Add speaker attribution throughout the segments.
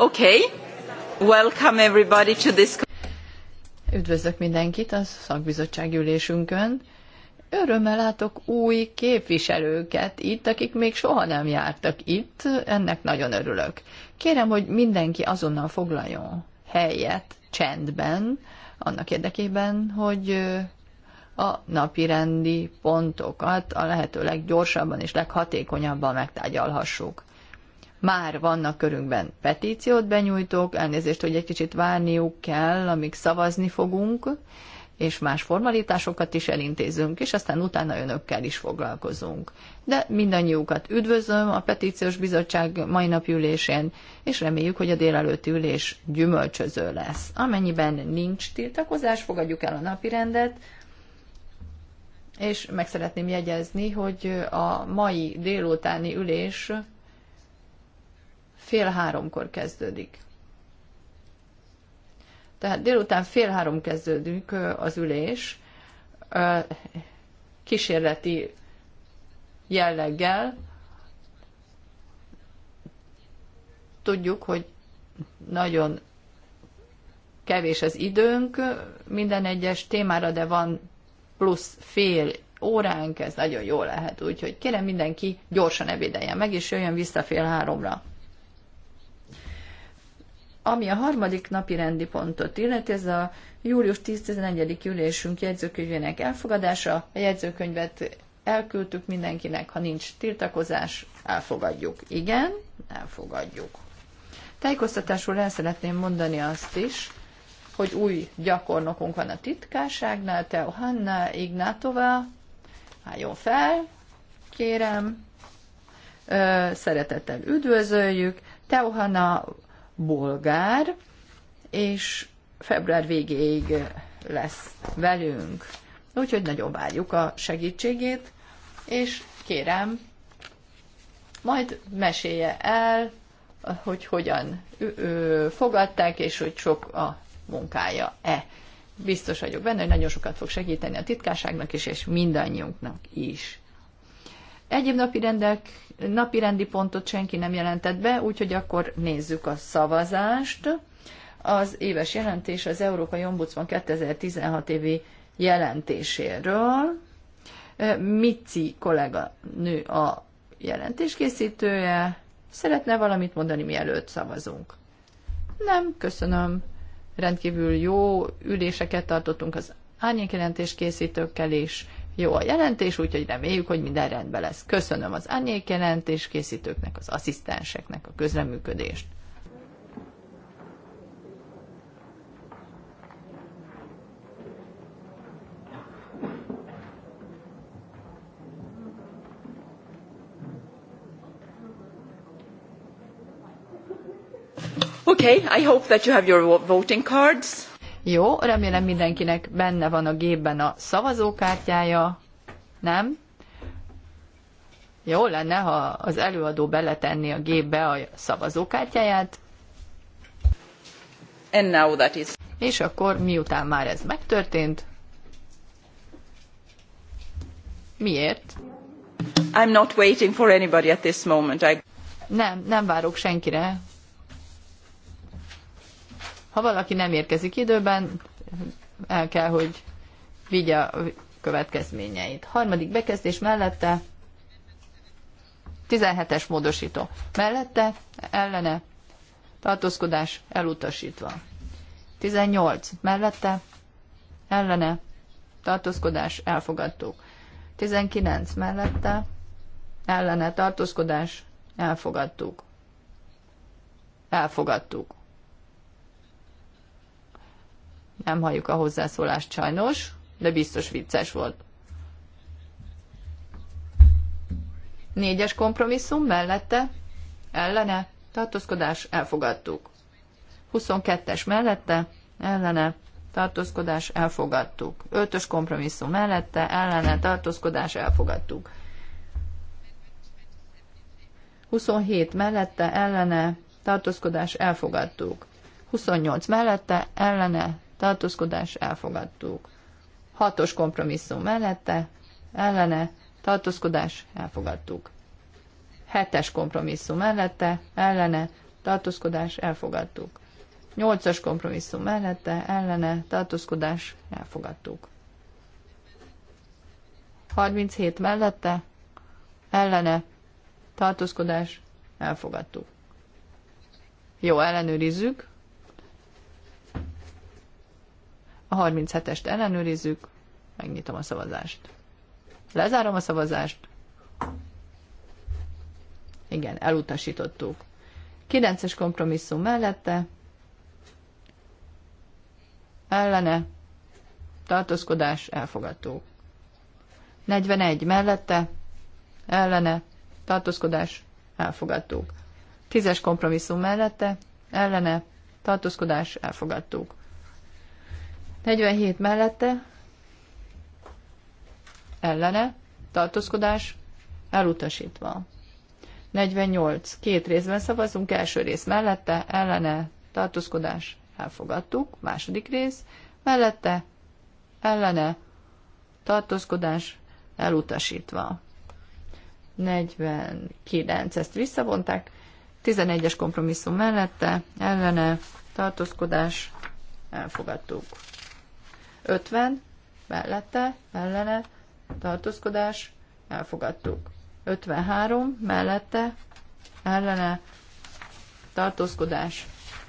Speaker 1: Okay. Welcome everybody to this... Üdvözlök mindenkit a szakbizottság ülésünkön. Örömmel látok új képviselőket itt, akik még soha nem jártak itt, ennek nagyon örülök. Kérem, hogy mindenki azonnal foglaljon helyet csendben, annak érdekében, hogy a napirendi pontokat a lehető leggyorsabban és leghatékonyabban megtárgyalhassuk. Már vannak körünkben petíciót benyújtók, elnézést, hogy egy kicsit várniuk kell, amíg szavazni fogunk, és más formalitásokat is elintézünk, és aztán utána önökkel is foglalkozunk. De mindannyiukat üdvözlöm a petíciós bizottság mai nap ülésén, és reméljük, hogy a délelőtti ülés gyümölcsöző lesz. Amennyiben nincs tiltakozás, fogadjuk el a napi rendet, és meg szeretném jegyezni, hogy a mai délutáni ülés fél háromkor kezdődik. Tehát délután fél három kezdődik az ülés, kísérleti jelleggel. Tudjuk, hogy nagyon kevés az időnk minden egyes témára, de van plusz fél óránk, ez nagyon jó lehet, úgyhogy kérem mindenki gyorsan ebédeljen meg, és jöjjön vissza fél háromra. Ami a harmadik napi rendi pontot illeti, ez a július 10-11. ülésünk jegyzőkönyvének elfogadása. A jegyzőkönyvet elküldtük mindenkinek, ha nincs tiltakozás, elfogadjuk. Igen, elfogadjuk. Tájékoztatásul el szeretném mondani azt is, hogy új gyakornokunk van a titkárságnál, Teo Hanna Ignátová, álljon fel, kérem, szeretettel üdvözöljük, Teo Hanna bolgár, és február végéig lesz velünk. Úgyhogy nagyon várjuk a segítségét, és kérem, majd mesélje el, hogy hogyan fogadták, és hogy sok a munkája-e. Biztos vagyok benne, hogy nagyon sokat fog segíteni a titkárságnak is, és mindannyiunknak is. Egyéb napi, rendek, napi rendi pontot senki nem jelentett be, úgyhogy akkor nézzük a szavazást. Az éves jelentés az Európai Ombudsman 2016 évi jelentéséről. Mici kollega nő a jelentéskészítője. Szeretne valamit mondani, mielőtt szavazunk? Nem, köszönöm rendkívül jó üléseket tartottunk az árnyékjelentés készítőkkel is. Jó a jelentés, úgyhogy reméljük, hogy minden rendben lesz. Köszönöm az árnyékjelentés készítőknek, az asszisztenseknek a közreműködést. Okay, I hope that you have your voting cards. Jó, remélem mindenkinek benne van a gépben a szavazókártyája, nem? Jó lenne, ha az előadó beletenni a gépbe a szavazókártyáját. And now that is. És akkor miután már ez megtörtént, miért? I'm not waiting for anybody at this moment. I... Nem, nem várok senkire, ha valaki nem érkezik időben, el kell, hogy vigye a következményeit. Harmadik bekezdés mellette 17-es módosító. Mellette ellene tartózkodás elutasítva. 18 mellette ellene tartózkodás elfogadtuk. 19 mellette ellene tartózkodás elfogadtuk. Elfogadtuk. Nem halljuk a hozzászólást sajnos, de biztos vicces volt. Négyes kompromisszum mellette, ellene, tartózkodás, elfogadtuk. 22-es mellette, ellene, tartózkodás, elfogadtuk. 5-ös kompromisszum mellette, ellene, tartózkodás, elfogadtuk. 27 mellette,
Speaker 2: ellene,
Speaker 1: tartózkodás, elfogadtuk. 28 mellette, ellene, tartózkodás elfogadtuk. Hatos kompromisszum mellette, ellene, tartózkodás elfogadtuk. Hetes kompromisszum mellette, ellene, tartózkodás elfogadtuk. Nyolcas kompromisszum mellette, ellene, tartózkodás elfogadtuk. 37 mellette, ellene, tartózkodás elfogadtuk. Jó, ellenőrizzük. A 37-est ellenőrizzük, megnyitom a szavazást. Lezárom a szavazást. Igen, elutasítottuk. 9-es kompromisszum mellette, ellene, tartózkodás, elfogadó. 41 mellette, ellene, tartózkodás, elfogadtuk. 10-es kompromisszum mellette, ellene, tartózkodás, elfogadtuk. 47 mellette, ellene, tartózkodás, elutasítva. 48. Két részben szavazunk, első rész mellette, ellene, tartózkodás, elfogadtuk, második rész, mellette, ellene, tartózkodás, elutasítva. 49, ezt visszavonták, 11-es kompromisszum mellette, ellene, tartózkodás, elfogadtuk. 50 mellette, ellene, tartózkodás, elfogadtuk. 53 mellette, ellene, tartózkodás,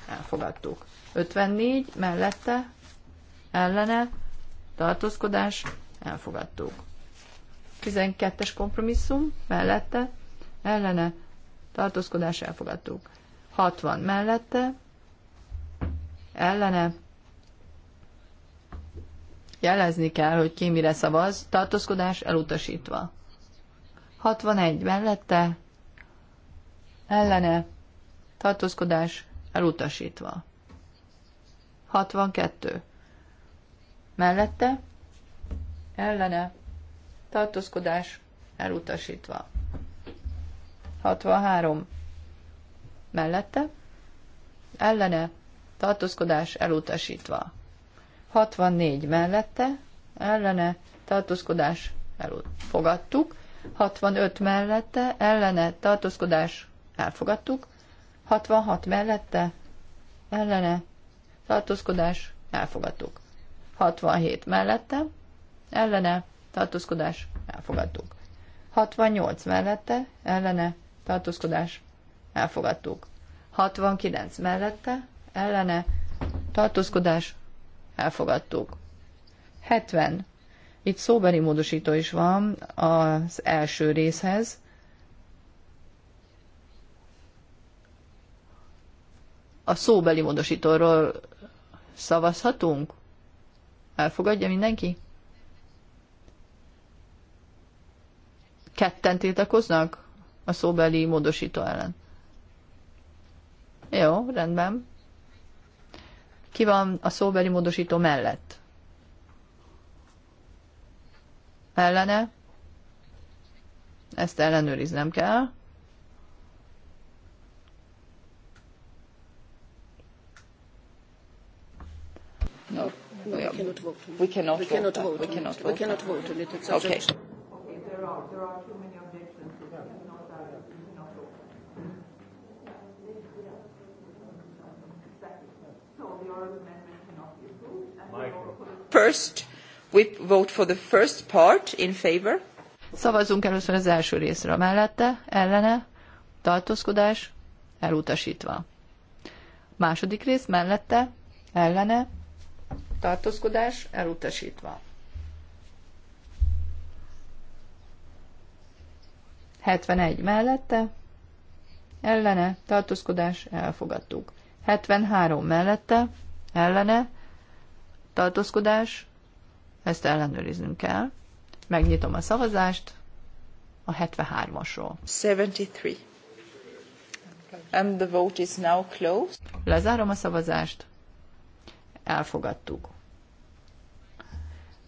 Speaker 1: elfogadtuk. 54 mellette, ellene, tartózkodás, elfogadtuk. 12-es kompromisszum mellette, ellene, tartózkodás, elfogadtuk. 60 mellette, ellene, Jelezni kell, hogy ki mire szavaz, tartózkodás elutasítva. 61 mellette, ellene, tartózkodás elutasítva. 62 mellette, ellene, tartózkodás elutasítva. 63 mellette, ellene, tartózkodás elutasítva. 64 mellette, ellene, tartózkodás, elfogadtuk. 65 mellette, ellene, tartózkodás, elfogadtuk. 66 mellette, ellene, tartózkodás, elfogadtuk. 67 mellette, ellene, tartózkodás, elfogadtuk. 68 mellette, ellene, tartózkodás, elfogadtuk. 69 mellette, ellene, tartózkodás, elfogadtuk. 70. Itt szóbeli módosító is van az első részhez. A szóbeli módosítóról szavazhatunk? Elfogadja mindenki? Ketten tiltakoznak a szóbeli módosító ellen. Jó, rendben. Ki van a szóbeli módosító mellett? Ellene? Ezt ellenőriznem kell. No, we cannot vote. We cannot vote. We cannot vote. We cannot vote. Okay.
Speaker 3: There are, there are too many
Speaker 1: First, we vote for the first part in favor. Szavazzunk először az első részre. Mellette, ellene, tartózkodás, elutasítva. Második rész mellette, ellene, tartózkodás, elutasítva. 71 mellette, ellene, tartózkodás, elfogadtuk. 73 mellette, ellene, tartózkodás, ezt ellenőriznünk kell. Megnyitom a szavazást a 73-asról. 73. And the vote is now closed. Lezárom a szavazást. Elfogadtuk.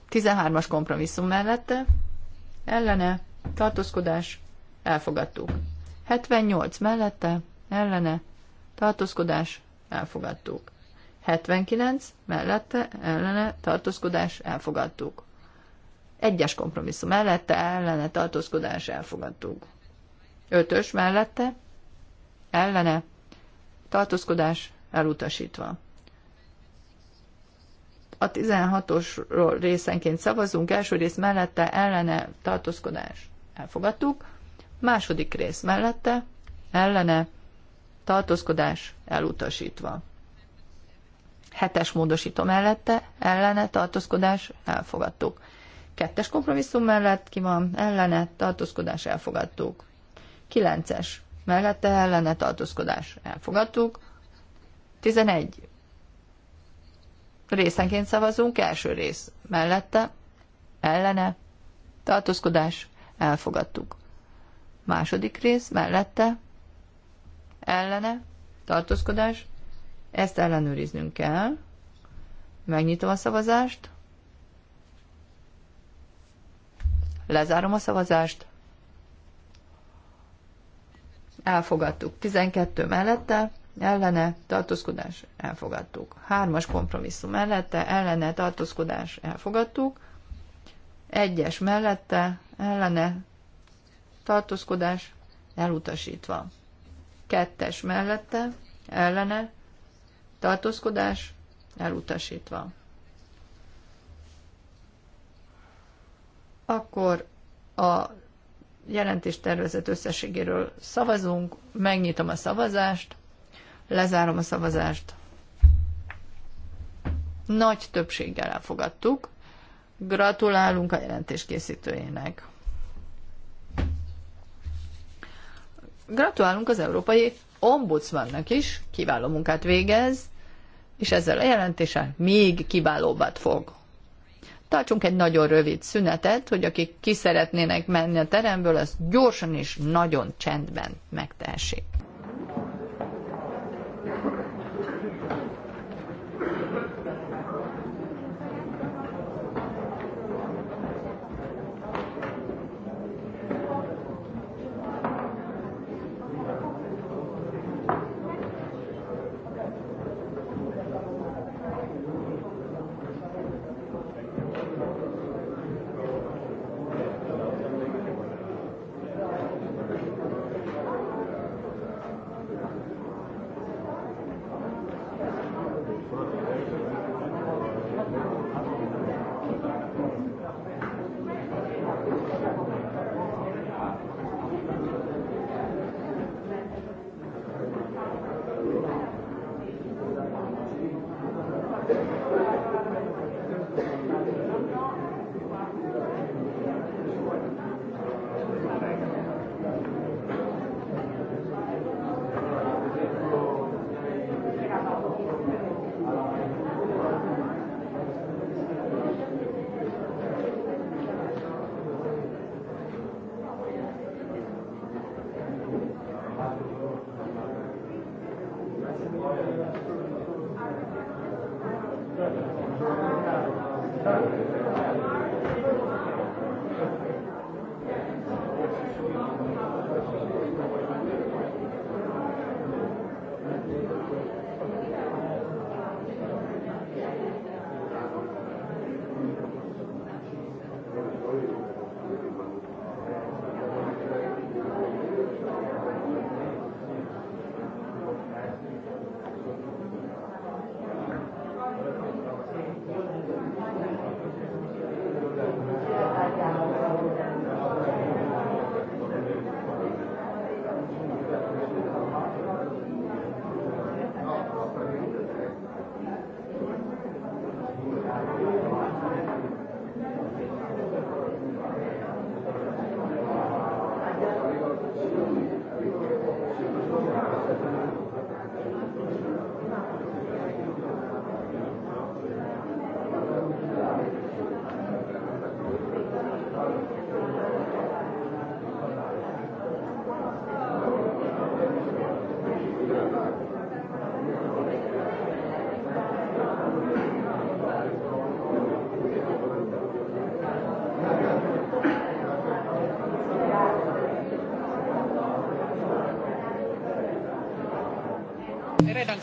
Speaker 1: 13-as kompromisszum mellette, ellene, tartózkodás, elfogadtuk. 78 mellette, ellene, tartózkodás, elfogadtuk. 79 mellette ellene tartózkodás elfogadtuk. Egyes kompromisszum mellette ellene tartózkodás elfogadtuk. Ötös mellette ellene tartózkodás elutasítva. A 16-osról részenként szavazunk, első rész mellette ellene tartózkodás elfogadtuk, második rész mellette ellene tartózkodás elutasítva. Hetes módosító mellette, ellene, tartózkodás, elfogadtuk. Kettes kompromisszum mellett ki van, ellene, tartózkodás, elfogadtuk. Kilences mellette, ellene, tartózkodás, elfogadtuk. Tizenegy részenként szavazunk, első rész mellette, ellene, tartózkodás, elfogadtuk. Második rész mellette, ellene, tartózkodás, ezt ellenőriznünk kell. Megnyitom a szavazást. Lezárom a szavazást. Elfogadtuk. 12 mellette, ellene, tartózkodás, elfogadtuk. Hármas kompromisszum mellette, ellene, tartózkodás, elfogadtuk. Egyes mellette, ellene, tartózkodás, elutasítva. Kettes mellette, ellene, tartózkodás elutasítva. Akkor a jelentéstervezet összességéről szavazunk, megnyitom a szavazást, lezárom a szavazást. Nagy többséggel elfogadtuk. Gratulálunk a jelentés készítőjének. Gratulálunk az Európai Ombudsmannak is, kiváló munkát végez, és ezzel a jelentése még kiválóbbat fog. Tartsunk egy nagyon rövid szünetet, hogy akik ki szeretnének menni a teremből, azt gyorsan és nagyon csendben megtehessék.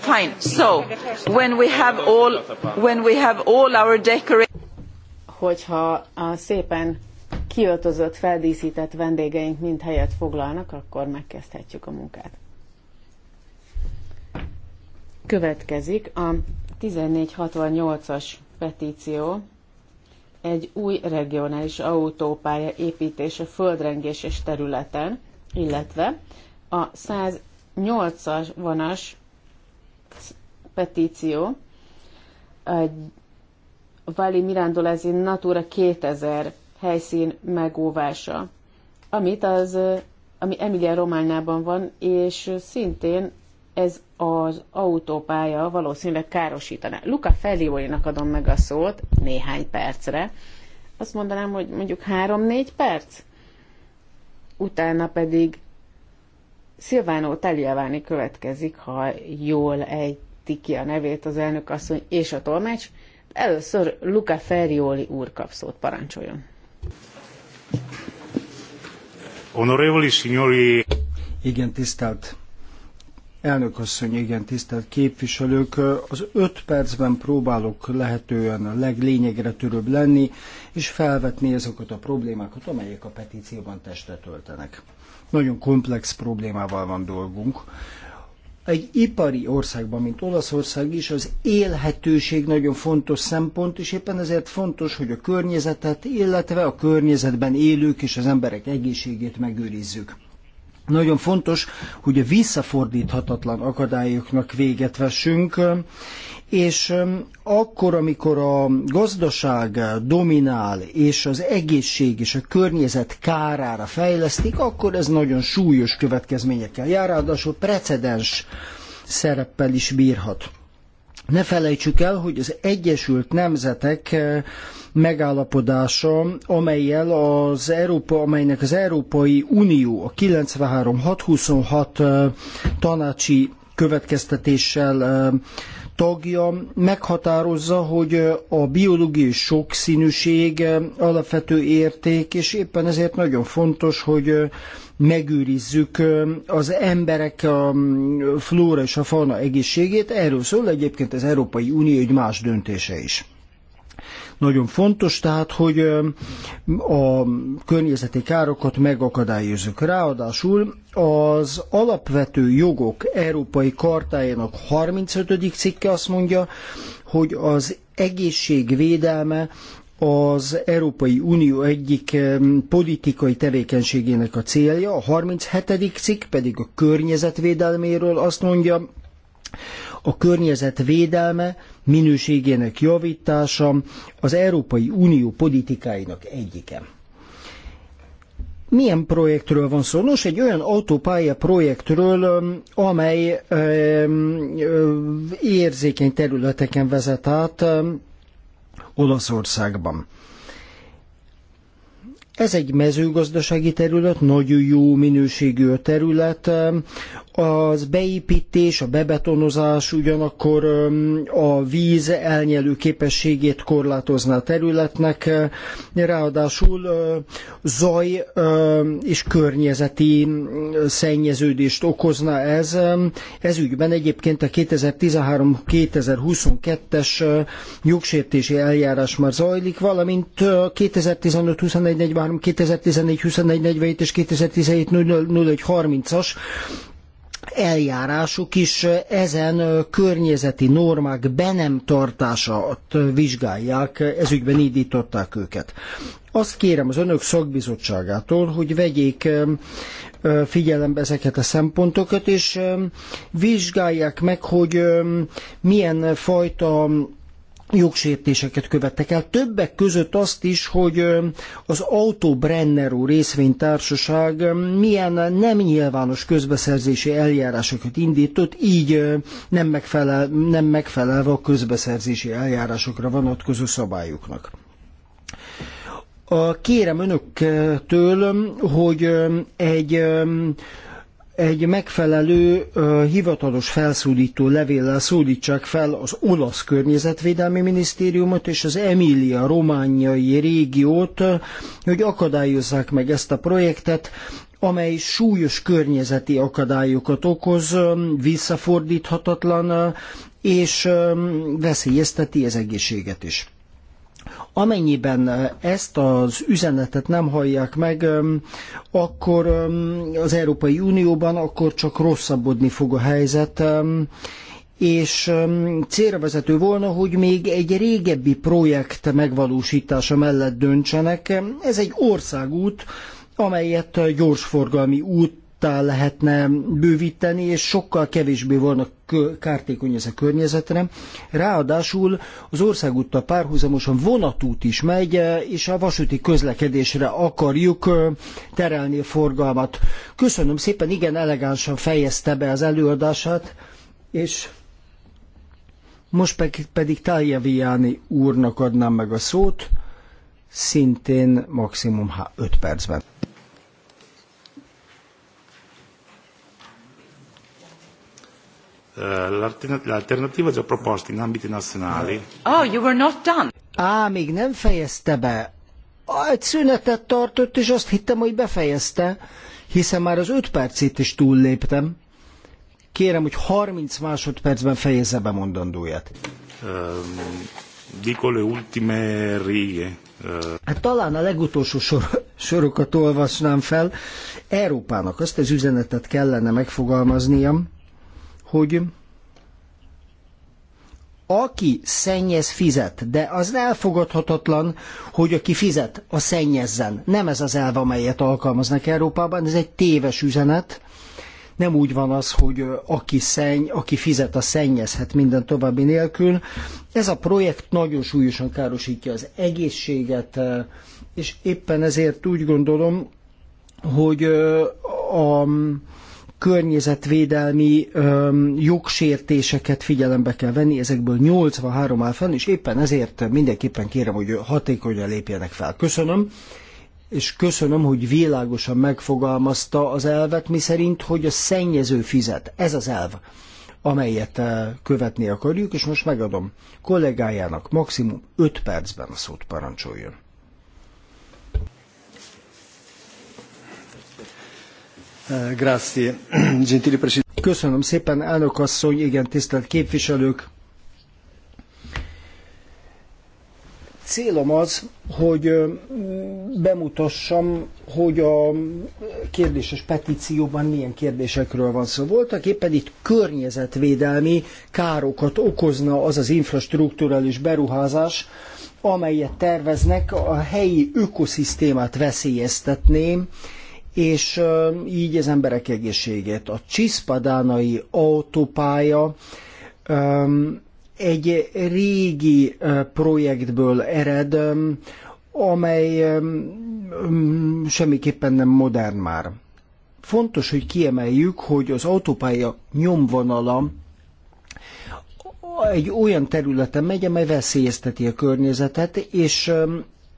Speaker 1: Fine. So,
Speaker 2: when we have all, when
Speaker 1: we have all our
Speaker 4: decorations... Hogyha a szépen kiöltözött, feldíszített vendégeink mind helyet foglalnak, akkor megkezdhetjük a munkát. Következik a 1468-as petíció, egy új regionális autópálya építése földrengéses területen, illetve a 108-as vonas petíció egy Vali Mirandolezi Natura 2000 helyszín megóvása, amit az, ami Emilia Románában van, és szintén ez az autópálya valószínűleg károsítaná. Luca Felióinak adom meg a szót néhány percre. Azt mondanám, hogy mondjuk 3-4 perc. Utána pedig Szilvánó Teljaváni következik, ha jól egy ejti ki a nevét az elnök asszony és a tolmács. Először Luca Ferrioli úr kap szót, parancsoljon.
Speaker 5: Honorevoli signori... Igen, tisztelt Elnök asszony, igen, tisztelt képviselők, az öt percben próbálok lehetően a leglényegre törőbb lenni, és felvetni azokat a problémákat, amelyek a petícióban testet töltenek. Nagyon komplex problémával van dolgunk egy ipari országban, mint Olaszország is, az élhetőség nagyon fontos szempont, és éppen ezért fontos, hogy a környezetet, illetve a környezetben élők és az emberek egészségét megőrizzük. Nagyon fontos, hogy a visszafordíthatatlan akadályoknak véget vessünk, és akkor, amikor a gazdaság dominál, és az egészség és a környezet kárára fejlesztik, akkor ez nagyon súlyos következményekkel jár, ráadásul precedens szereppel is bírhat. Ne felejtsük el, hogy az Egyesült Nemzetek megállapodása, amelyel az Európa, amelynek az Európai Unió a 93-626 tanácsi következtetéssel tagja meghatározza, hogy a biológiai sokszínűség alapvető érték, és éppen ezért nagyon fontos, hogy megőrizzük az emberek a flóra és a fauna egészségét. Erről szól egyébként az Európai Unió egy más döntése is. Nagyon fontos tehát, hogy a környezeti károkat megakadályozzuk. Ráadásul az alapvető jogok Európai Kartájának 35. cikke azt mondja, hogy az egészségvédelme az Európai Unió egyik politikai tevékenységének a célja, a 37. cikk pedig a környezetvédelméről azt mondja, a környezet védelme, minőségének javítása az Európai Unió politikáinak egyike. Milyen projektről van szó? Nos, egy olyan autópálya projektről, um, amely um, um, érzékeny területeken vezet át Olaszországban. Ez egy mezőgazdasági terület, nagyon jó minőségű terület, az beépítés, a bebetonozás ugyanakkor a víz elnyelő képességét korlátozna a területnek, ráadásul zaj és környezeti szennyeződést okozna ez. Ez ügyben egyébként a 2013-2022-es jogsértési eljárás már zajlik, valamint 2015 21 2014 24 és 2017 05 30-as eljárásuk is ezen környezeti normák be nem tartását vizsgálják, ezügyben indították őket. Azt kérem az önök szakbizottságától, hogy vegyék figyelembe ezeket a szempontokat, és vizsgálják meg, hogy milyen fajta jogsértéseket követtek el. Többek között azt is, hogy az Auto Brenner úr részvénytársaság milyen nem nyilvános közbeszerzési eljárásokat indított, így nem, megfelel, nem megfelelve a közbeszerzési eljárásokra vonatkozó szabályoknak. Kérem önöktől, hogy egy egy megfelelő hivatalos felszólító levéllel szólítsák fel az olasz környezetvédelmi minisztériumot és az Emília romániai régiót, hogy akadályozzák meg ezt a projektet, amely súlyos környezeti akadályokat okoz, visszafordíthatatlan, és veszélyezteti az egészséget is. Amennyiben ezt az üzenetet nem hallják meg, akkor az Európai Unióban akkor csak rosszabbodni fog a helyzet, és célra vezető volna, hogy még egy régebbi projekt megvalósítása mellett döntsenek. Ez egy országút, amelyet gyorsforgalmi út tá lehetne bővíteni, és sokkal kevésbé volna kártékony ez a környezetre. Ráadásul az országúttal párhuzamosan vonatút is megy, és a vasúti közlekedésre akarjuk terelni a forgalmat. Köszönöm szépen, igen elegánsan fejezte be az előadását, és most pedig, pedig Tálja Viáni úrnak adnám meg a szót, szintén maximum 5 percben.
Speaker 2: Eh, l'alternativa già proposta in ambiti nazionali.
Speaker 5: Oh, you were not done. Ah, még nem fejezte be. Egy szünetet tartott, és azt hittem, hogy befejezte, hiszen már az öt percét is túlléptem. Kérem, hogy 30 másodpercben fejezze be mondandóját. Um, dico le ultime righe. Eh. Hát talán a legutolsó sor, sorokat olvasnám fel. Európának azt az üzenetet kellene megfogalmaznia, hogy aki szennyez, fizet, de az elfogadhatatlan, hogy aki fizet, a szennyezzen. Nem ez az elv, amelyet alkalmaznak Európában, ez egy téves üzenet. Nem úgy van az, hogy aki, szenny, aki fizet, a szennyezhet minden további nélkül. Ez a projekt nagyon súlyosan károsítja az egészséget, és éppen ezért úgy gondolom, hogy a, környezetvédelmi öm, jogsértéseket figyelembe kell venni, ezekből 83 áll fenn, és éppen ezért mindenképpen kérem, hogy hatékonyan lépjenek fel. Köszönöm, és köszönöm, hogy világosan megfogalmazta az elvet, miszerint, hogy a szennyező fizet. Ez az elv amelyet követni akarjuk, és most megadom kollégájának maximum 5 percben a szót parancsoljon. Eh, Köszönöm szépen, elnök asszony, igen, tisztelt képviselők. Célom az, hogy bemutassam, hogy a kérdéses petícióban milyen kérdésekről van szó. Voltak éppen itt környezetvédelmi károkat okozna az az infrastruktúrális beruházás, amelyet terveznek, a helyi ökoszisztémát veszélyeztetné, és így az emberek egészségét. A Csiszpadánai autópálya egy régi projektből ered, amely semmiképpen nem modern már. Fontos, hogy kiemeljük, hogy az autópálya nyomvonala egy olyan területen megy, amely veszélyezteti a környezetet, és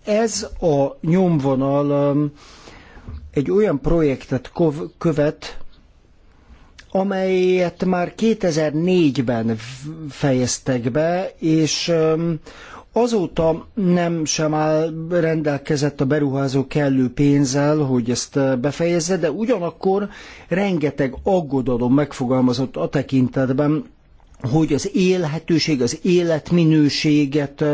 Speaker 5: ez a nyomvonal egy olyan projektet követ, amelyet már 2004-ben fejeztek be, és azóta nem sem áll rendelkezett a beruházó kellő pénzzel, hogy ezt befejezze, de ugyanakkor rengeteg aggodalom megfogalmazott a tekintetben, hogy az élhetőség, az életminőséget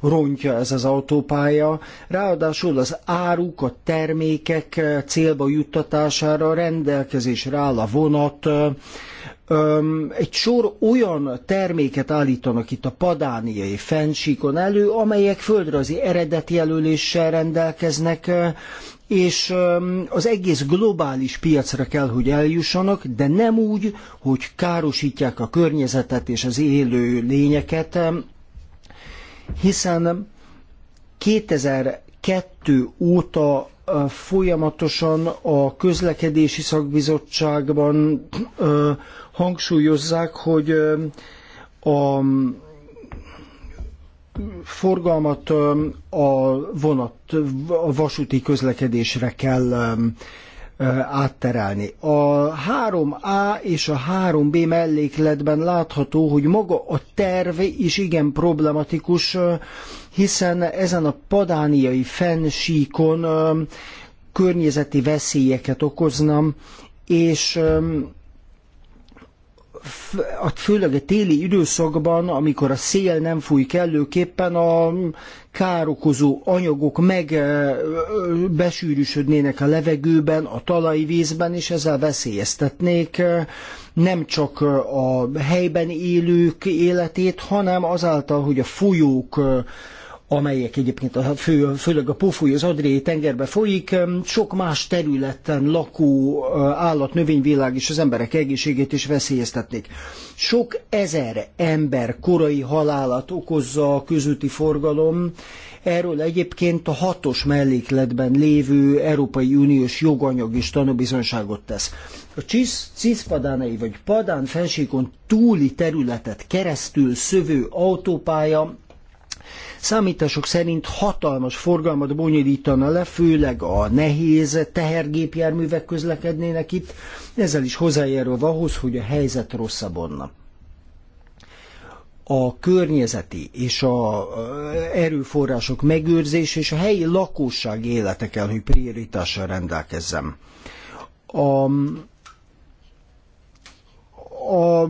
Speaker 5: rontja ez az autópálya. Ráadásul az áruk, a termékek célba juttatására rendelkezésre áll a vonat, egy sor olyan terméket állítanak itt a padániai fensíkon elő, amelyek földrajzi eredetjelöléssel rendelkeznek, és az egész globális piacra kell, hogy eljussanak, de nem úgy, hogy károsítják a környezetet és az élő lényeket, hiszen 2002 óta folyamatosan a közlekedési szakbizottságban hangsúlyozzák, hogy a forgalmat a vonat, a vasúti közlekedésre kell átterelni. A 3A és a 3B mellékletben látható, hogy maga a terv is igen problematikus, hiszen ezen a padániai fensíkon környezeti veszélyeket okozna, és a, főleg a téli időszakban, amikor a szél nem fúj kellőképpen, a károkozó anyagok megbesűrűsödnének a levegőben, a talajvízben, és ezzel veszélyeztetnék nem csak a helyben élők életét, hanem azáltal, hogy a folyók amelyek egyébként a fő, főleg a pofúj az Adriai tengerbe folyik, sok más területen lakó eh, állat, növényvilág és az emberek egészségét is veszélyeztetnék. Sok ezer ember korai halálát okozza a közúti forgalom, Erről egyébként a hatos mellékletben lévő Európai Uniós joganyag is tanúbizonságot tesz. A CISZ, CISZ vagy padán fensíkon túli területet keresztül szövő autópálya Számítások szerint hatalmas forgalmat bonyolítana le, főleg a nehéz tehergépjárművek közlekednének itt, ezzel is hozzájárul ahhoz, hogy a helyzet rosszabbodna a környezeti és a eh, erőforrások megőrzés és a helyi lakosság élete kell, hogy prioritással rendelkezzem. A a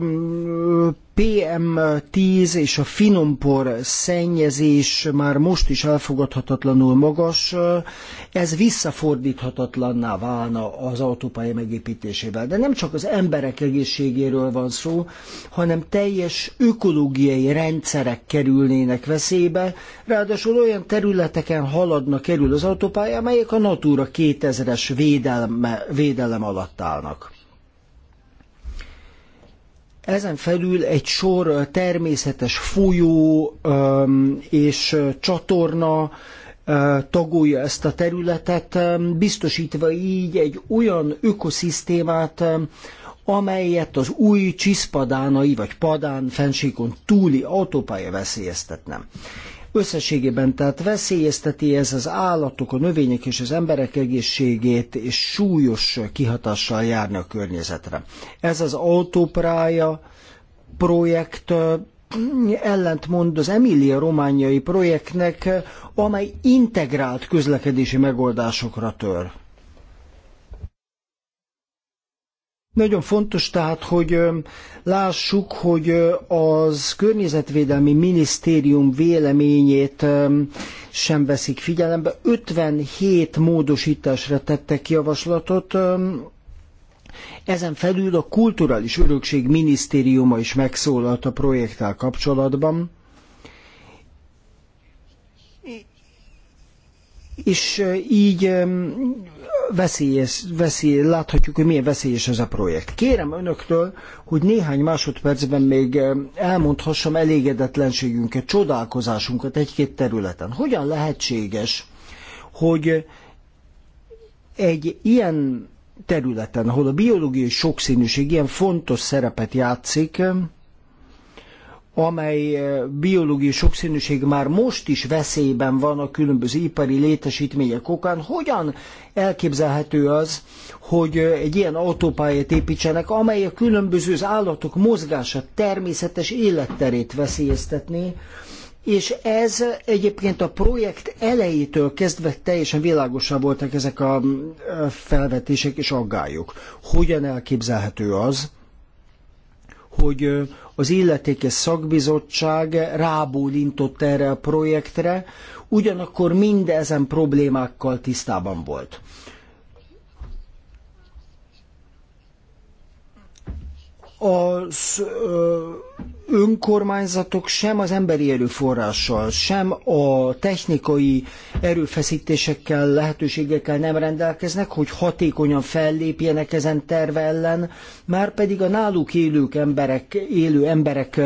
Speaker 5: PM10 és a finompor szennyezés már most is elfogadhatatlanul magas, ez visszafordíthatatlanná válna az autópálya megépítésével. De nem csak az emberek egészségéről van szó, hanem teljes ökológiai rendszerek kerülnének veszélybe, ráadásul olyan területeken haladna kerül az autópálya, amelyek a Natura 2000-es védelme, védelem alatt állnak. Ezen felül egy sor természetes folyó és csatorna tagolja ezt a területet, biztosítva így egy olyan ökoszisztémát, amelyet az új csiszpadánai vagy padán fensékon túli autópálya veszélyeztetne. Összességében tehát veszélyezteti ez az állatok, a növények és az emberek egészségét, és súlyos kihatással járna a környezetre. Ez az autóprája projekt ellentmond az Emília romániai projektnek, amely integrált közlekedési megoldásokra tör. Nagyon fontos tehát, hogy lássuk, hogy az környezetvédelmi minisztérium véleményét sem veszik figyelembe. 57 módosításra tettek javaslatot, ezen felül a Kulturális Örökség Minisztériuma is megszólalt a projekttel kapcsolatban. és így veszélyes, veszély, láthatjuk, hogy milyen veszélyes ez a projekt. Kérem önöktől, hogy néhány másodpercben még elmondhassam elégedetlenségünket, csodálkozásunkat egy-két területen. Hogyan lehetséges, hogy egy ilyen területen, ahol a biológiai sokszínűség ilyen fontos szerepet játszik, amely eh, biológiai sokszínűség már most is veszélyben van a különböző ipari létesítmények okán, hogyan elképzelhető az, hogy eh, egy ilyen autópályát építsenek, amely a különböző az állatok mozgása természetes életterét veszélyeztetné, és ez egyébként a projekt elejétől kezdve teljesen világosá voltak ezek a eh, felvetések és aggályok. Hogyan elképzelhető az, hogy az illetékes szakbizottság rábólintott erre a projektre, ugyanakkor mindezen problémákkal tisztában volt. Az ö, önkormányzatok sem az emberi erőforrással, sem a technikai erőfeszítésekkel, lehetőségekkel nem rendelkeznek, hogy hatékonyan fellépjenek ezen terve ellen, már pedig a náluk élők emberek, élő emberek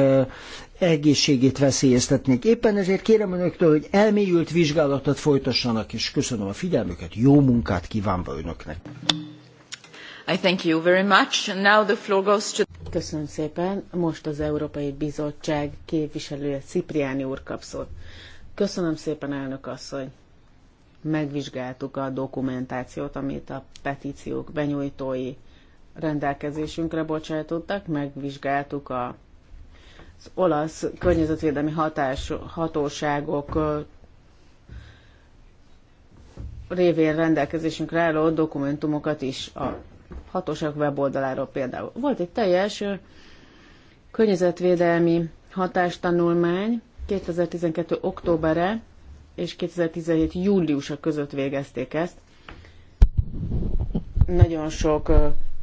Speaker 5: egészségét veszélyeztetnék. Éppen ezért kérem önöktől, hogy elmélyült vizsgálatot folytassanak, és köszönöm a figyelmüket, jó munkát kívánva önöknek!
Speaker 4: I thank you very much. now the floor goes to... Köszönöm szépen. Most az Európai Bizottság képviselője Cipriáni úr szót. Köszönöm szépen, elnök asszony. Megvizsgáltuk a dokumentációt, amit a petíciók benyújtói rendelkezésünkre bocsátottak, megvizsgáltuk a, az olasz környezetvédelmi hatás, hatóságok révén rendelkezésünkre álló dokumentumokat is a hatóság weboldaláról például. Volt egy teljes környezetvédelmi hatástanulmány 2012. októbere és 2017. júliusa között végezték ezt. Nagyon sok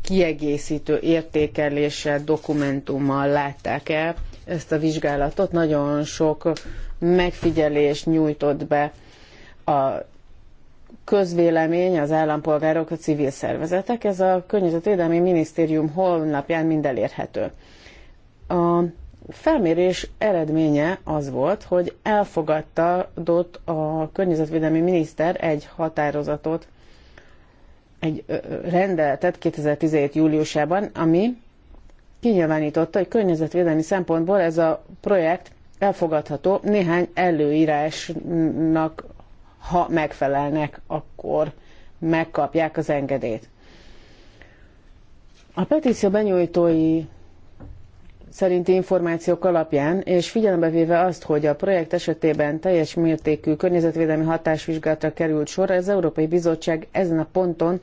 Speaker 4: kiegészítő értékeléssel, dokumentummal látták el ezt a vizsgálatot. Nagyon sok megfigyelés nyújtott be a közvélemény, az állampolgárok, a civil szervezetek. Ez a Környezetvédelmi Minisztérium honlapján mind elérhető. A felmérés eredménye az volt, hogy dott a környezetvédelmi miniszter egy határozatot, egy rendeletet 2017. júliusában, ami kinyilvánította, hogy környezetvédelmi szempontból ez a projekt elfogadható néhány előírásnak ha megfelelnek, akkor megkapják az engedélyt. A petíció benyújtói szerinti információk alapján, és figyelembe véve azt, hogy a projekt esetében teljes mértékű környezetvédelmi hatásvizsgálatra került sor, az Európai Bizottság ezen a ponton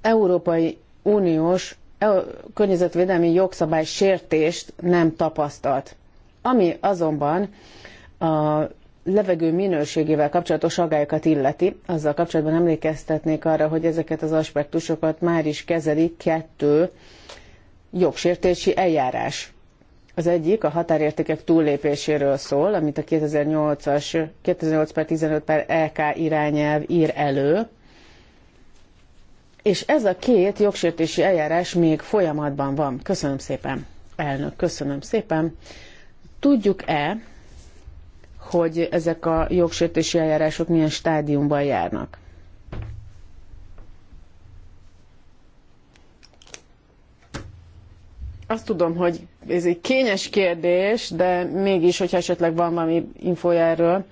Speaker 4: Európai Uniós e, környezetvédelmi jogszabály sértést nem tapasztalt. Ami azonban a levegő minőségével kapcsolatos aggályokat illeti, azzal kapcsolatban emlékeztetnék arra, hogy ezeket az aspektusokat már is kezeli kettő jogsértési eljárás. Az egyik a határértékek túllépéséről szól, amit a 2008-as 2008 per 15 per EK irányelv ír elő, és ez a két jogsértési eljárás még folyamatban van. Köszönöm szépen, elnök, köszönöm szépen. Tudjuk-e, hogy ezek a jogsértési eljárások milyen stádiumban járnak. Azt tudom, hogy ez egy kényes kérdés, de mégis, hogyha esetleg van valami infója erről,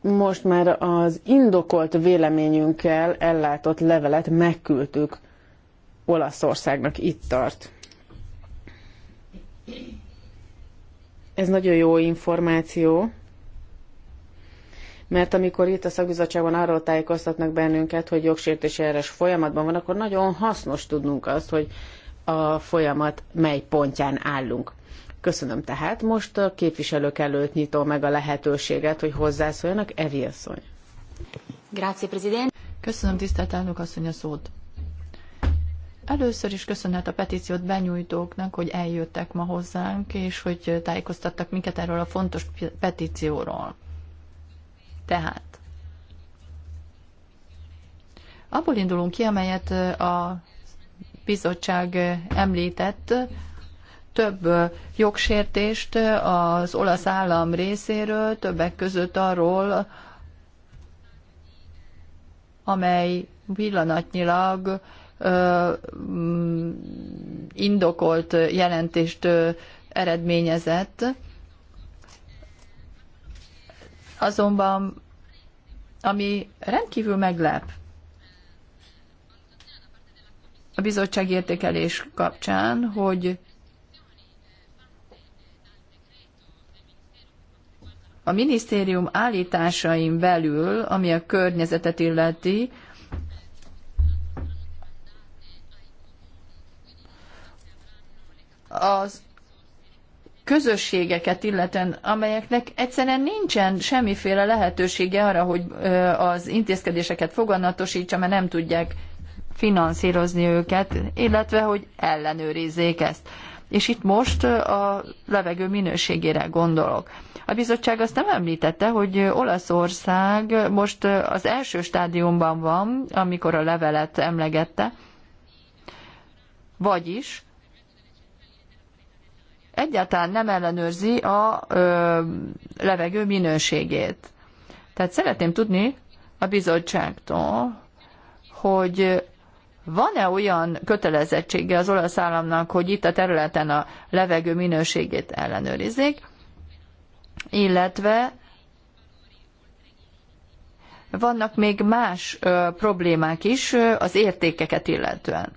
Speaker 4: most már az indokolt véleményünkkel ellátott levelet megküldtük Olaszországnak, itt tart. Ez nagyon jó információ, mert amikor itt a szakbizottságban arról tájékoztatnak bennünket, hogy jogsértési eljárás folyamatban van, akkor nagyon hasznos tudnunk azt, hogy a folyamat mely pontján állunk. Köszönöm tehát. Most a képviselők előtt nyitom meg a lehetőséget, hogy hozzászóljanak. Evi asszony.
Speaker 1: Grazie, Köszönöm, tisztelt elnök asszony, a szót. Először is köszönhet a petíciót benyújtóknak, hogy eljöttek ma hozzánk, és hogy tájékoztattak minket erről a fontos petícióról. Tehát, abból indulunk ki, amelyet a bizottság említett, több jogsértést az olasz állam részéről, többek között arról, amely pillanatnyilag Mm, indokolt jelentést eredményezett. Azonban, ami rendkívül meglep a bizottság értékelés kapcsán, hogy a minisztérium állításain belül, ami a környezetet illeti, az közösségeket illetően, amelyeknek egyszerűen nincsen semmiféle lehetősége arra, hogy az intézkedéseket foganatosítsa, mert nem tudják finanszírozni őket, illetve hogy ellenőrizzék ezt. És itt most a levegő minőségére gondolok. A bizottság azt nem említette, hogy Olaszország most az első stádiumban van, amikor a levelet emlegette, vagyis egyáltalán nem ellenőrzi a ö, levegő minőségét. Tehát szeretném tudni a bizottságtól, hogy van-e olyan kötelezettsége az olasz államnak, hogy itt a területen a levegő minőségét ellenőrizzék, illetve vannak még más ö, problémák is ö, az értékeket illetően.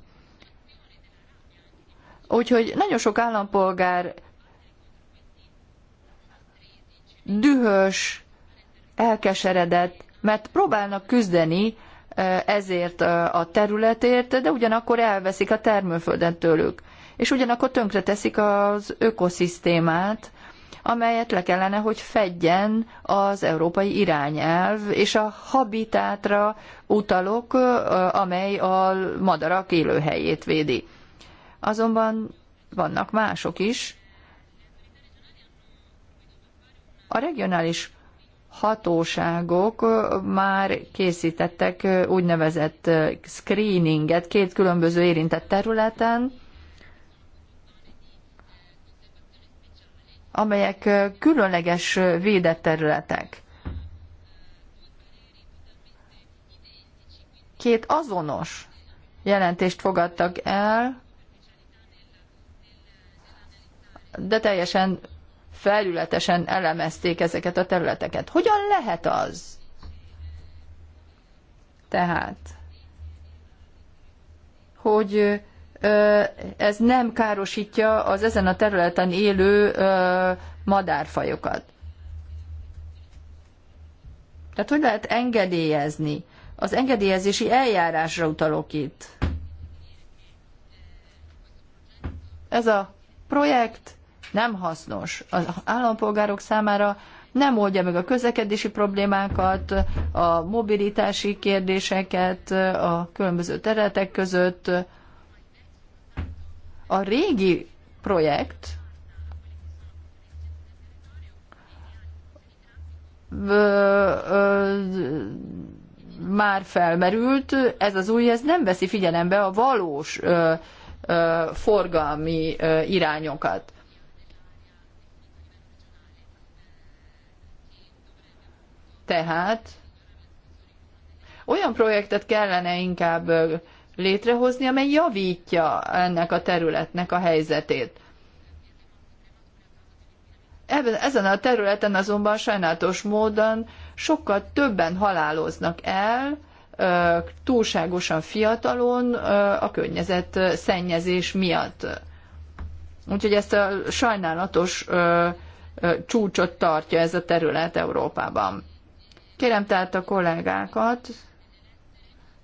Speaker 1: Úgyhogy nagyon sok állampolgár dühös, elkeseredett, mert próbálnak küzdeni e, ezért e, a területért, de ugyanakkor elveszik a termőföldet tőlük. És ugyanakkor tönkreteszik az ökoszisztémát, amelyet le kellene, hogy fedjen az európai irányelv, és a habitátra utalok, e, amely a madarak élőhelyét védi azonban vannak mások is. A regionális hatóságok már készítettek úgynevezett screeninget két különböző érintett területen, amelyek különleges védett területek. Két azonos jelentést fogadtak el, de teljesen felületesen elemezték ezeket a területeket. Hogyan lehet az? Tehát, hogy ez nem károsítja az ezen a területen élő madárfajokat. Tehát hogy lehet engedélyezni? Az engedélyezési eljárásra utalok itt. Ez a projekt nem hasznos. Az állampolgárok számára nem oldja meg a közlekedési problémákat, a mobilitási kérdéseket a különböző területek között. A régi projekt már felmerült, ez az új, ez nem veszi figyelembe a valós forgalmi irányokat. Tehát olyan projektet kellene inkább létrehozni, amely javítja ennek a területnek a helyzetét. Ebben, ezen a területen azonban sajnálatos módon sokkal többen haláloznak el, túlságosan fiatalon a környezet szennyezés miatt. Úgyhogy ezt a sajnálatos csúcsot tartja ez a terület Európában. Kérem tehát a kollégákat,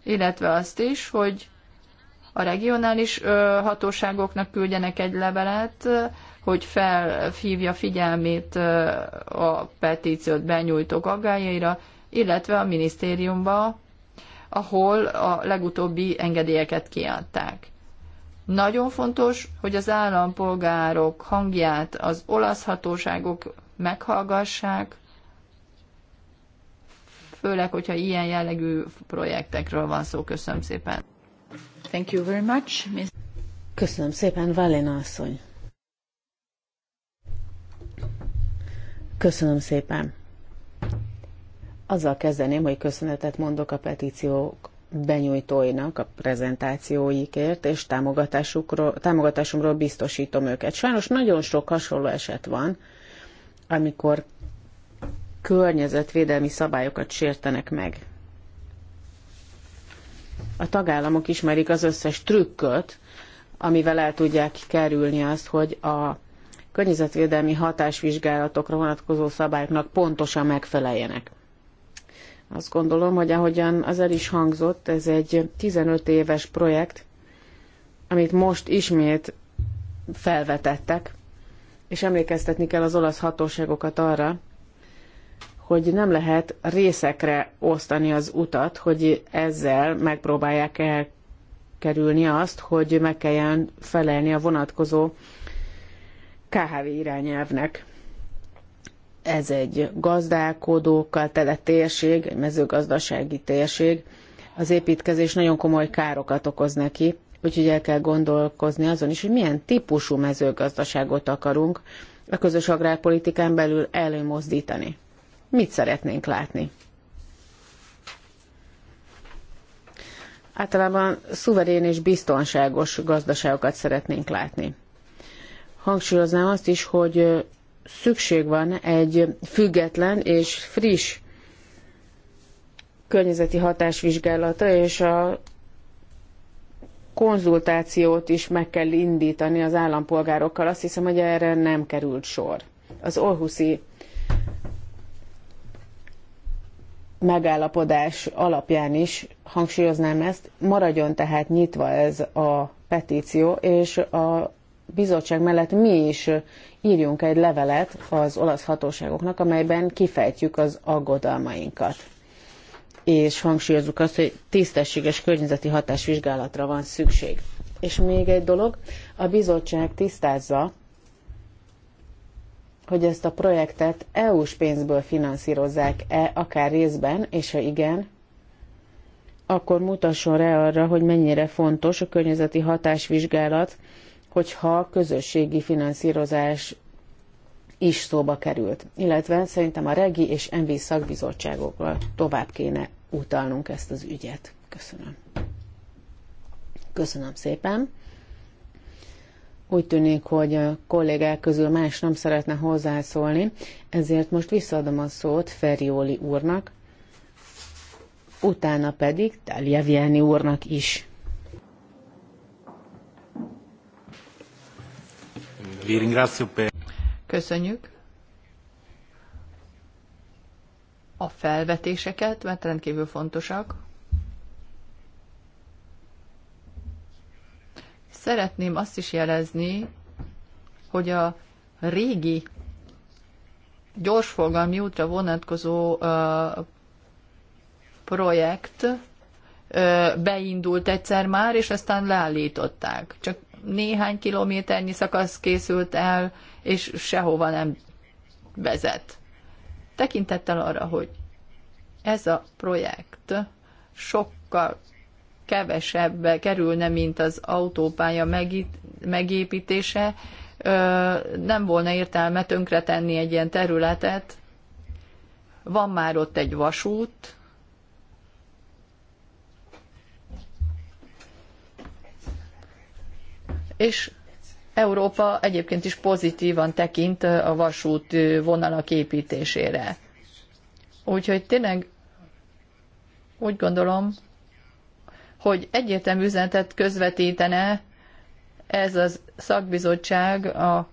Speaker 1: illetve azt is, hogy a regionális hatóságoknak küldjenek egy levelet, hogy felhívja figyelmét a petíciót benyújtók aggájaira, illetve a minisztériumba, ahol a legutóbbi engedélyeket kiadták. Nagyon fontos, hogy az állampolgárok hangját az olasz hatóságok meghallgassák, főleg, hogyha ilyen jellegű projektekről van szó. Köszönöm szépen. Thank you very much. Ms.
Speaker 4: Köszönöm szépen, Valéna asszony. Köszönöm szépen. Azzal kezdeném, hogy köszönetet mondok a petíciók benyújtóinak a prezentációikért, és támogatásukról, támogatásomról biztosítom őket. Sajnos nagyon sok hasonló eset van, amikor környezetvédelmi szabályokat sértenek meg. A tagállamok ismerik az összes trükköt, amivel el tudják kerülni azt, hogy a környezetvédelmi hatásvizsgálatokra vonatkozó szabályoknak pontosan megfeleljenek. Azt gondolom, hogy ahogyan az el is hangzott, ez egy 15 éves projekt, amit most ismét felvetettek, és emlékeztetni kell az olasz hatóságokat arra, hogy nem lehet részekre osztani az utat, hogy ezzel megpróbálják elkerülni azt, hogy meg kelljen felelni a vonatkozó KHV irányelvnek. Ez egy gazdálkodókkal tele térség, egy mezőgazdasági térség. Az építkezés nagyon komoly károkat okoz neki, úgyhogy el kell gondolkozni azon is, hogy milyen típusú mezőgazdaságot akarunk a közös agrárpolitikán belül előmozdítani mit szeretnénk látni. Általában szuverén és biztonságos gazdaságokat szeretnénk látni. Hangsúlyoznám azt is, hogy szükség van egy független és friss környezeti hatásvizsgálata, és a konzultációt is meg kell indítani az állampolgárokkal. Azt hiszem, hogy erre nem került sor. Az Olhuszi megállapodás alapján is hangsúlyoznám ezt. Maradjon tehát nyitva ez a petíció, és a bizottság mellett mi is írjunk egy levelet az olasz hatóságoknak, amelyben kifejtjük az aggodalmainkat. És hangsúlyozzuk azt, hogy tisztességes környezeti hatásvizsgálatra van szükség. És még egy dolog, a bizottság tisztázza, hogy ezt a projektet EU-s pénzből finanszírozzák-e, akár részben, és ha igen, akkor mutasson rá arra, hogy mennyire fontos a környezeti hatásvizsgálat, hogyha közösségi finanszírozás is szóba került. Illetve szerintem a REGI és ENVI szakbizottságokkal tovább kéne utalnunk ezt az ügyet. Köszönöm. Köszönöm szépen. Úgy tűnik, hogy a kollégák közül más nem szeretne hozzászólni, ezért most visszaadom a szót Ferioli úrnak, utána pedig Taljavjelni úrnak is.
Speaker 1: Köszönjük a felvetéseket, mert rendkívül fontosak. Szeretném azt is jelezni, hogy a régi gyorsforgalmi útra vonatkozó projekt beindult egyszer már, és aztán leállították. Csak néhány kilométernyi szakasz készült el, és sehova nem vezet. Tekintettel arra, hogy ez a projekt sokkal kevesebbe kerülne, mint az autópálya megépítése, nem volna értelme tönkretenni egy ilyen területet. Van már ott egy vasút, és Európa egyébként is pozitívan tekint a vasút vonalak építésére. Úgyhogy tényleg úgy gondolom, hogy egyértelmű üzenetet közvetítene ez a szakbizottság a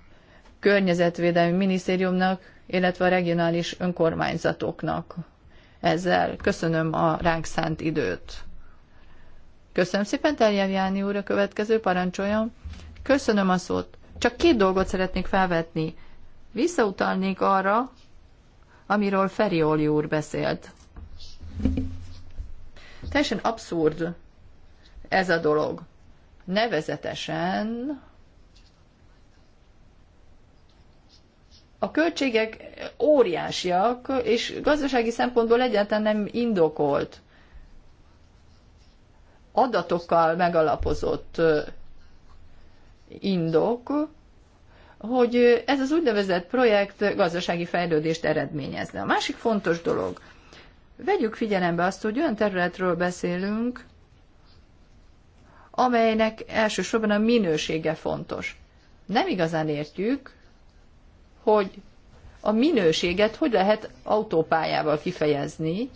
Speaker 1: környezetvédelmi minisztériumnak, illetve a regionális önkormányzatoknak ezzel. Köszönöm a ránk szánt időt. Köszönöm szépen, Terjev Jáni úr, a következő parancsoljon. Köszönöm a szót. Csak két dolgot szeretnék felvetni. Visszautalnék arra, amiről Ferioli úr beszélt. Teljesen abszurd ez a dolog. Nevezetesen a költségek óriásiak, és gazdasági szempontból egyáltalán nem indokolt, adatokkal megalapozott indok, hogy ez az úgynevezett projekt gazdasági fejlődést eredményezne. A másik fontos dolog, vegyük figyelembe azt, hogy olyan területről beszélünk, amelynek elsősorban a minősége fontos. Nem igazán értjük, hogy a minőséget hogy lehet autópályával kifejezni.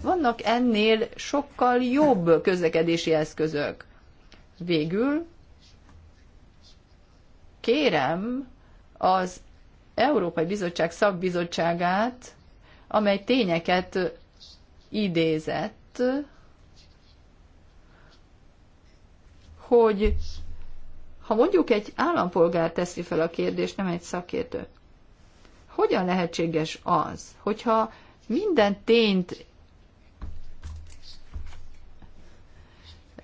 Speaker 1: Vannak ennél sokkal jobb közlekedési eszközök. Végül kérem az Európai Bizottság szakbizottságát, amely tényeket idézett, hogy ha mondjuk egy állampolgár teszi fel a kérdést, nem egy szakértő, hogyan lehetséges az, hogyha minden tényt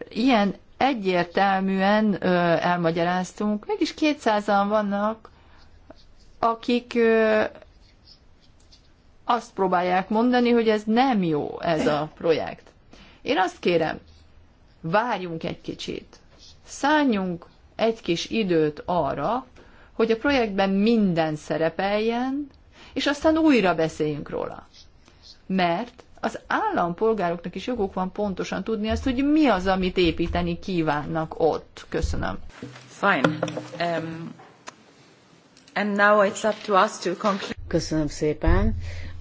Speaker 1: ilyen egyértelműen ö, elmagyaráztunk, mégis 200-an vannak, akik ö, azt próbálják mondani, hogy ez nem jó ez a projekt. Én azt kérem, várjunk egy kicsit szálljunk egy kis időt arra, hogy a projektben minden szerepeljen, és aztán újra beszéljünk róla. Mert az állampolgároknak is joguk van pontosan tudni azt, hogy mi az, amit építeni kívánnak ott. Köszönöm. Fine. Um, and now it's up to us to conclude. Köszönöm
Speaker 4: szépen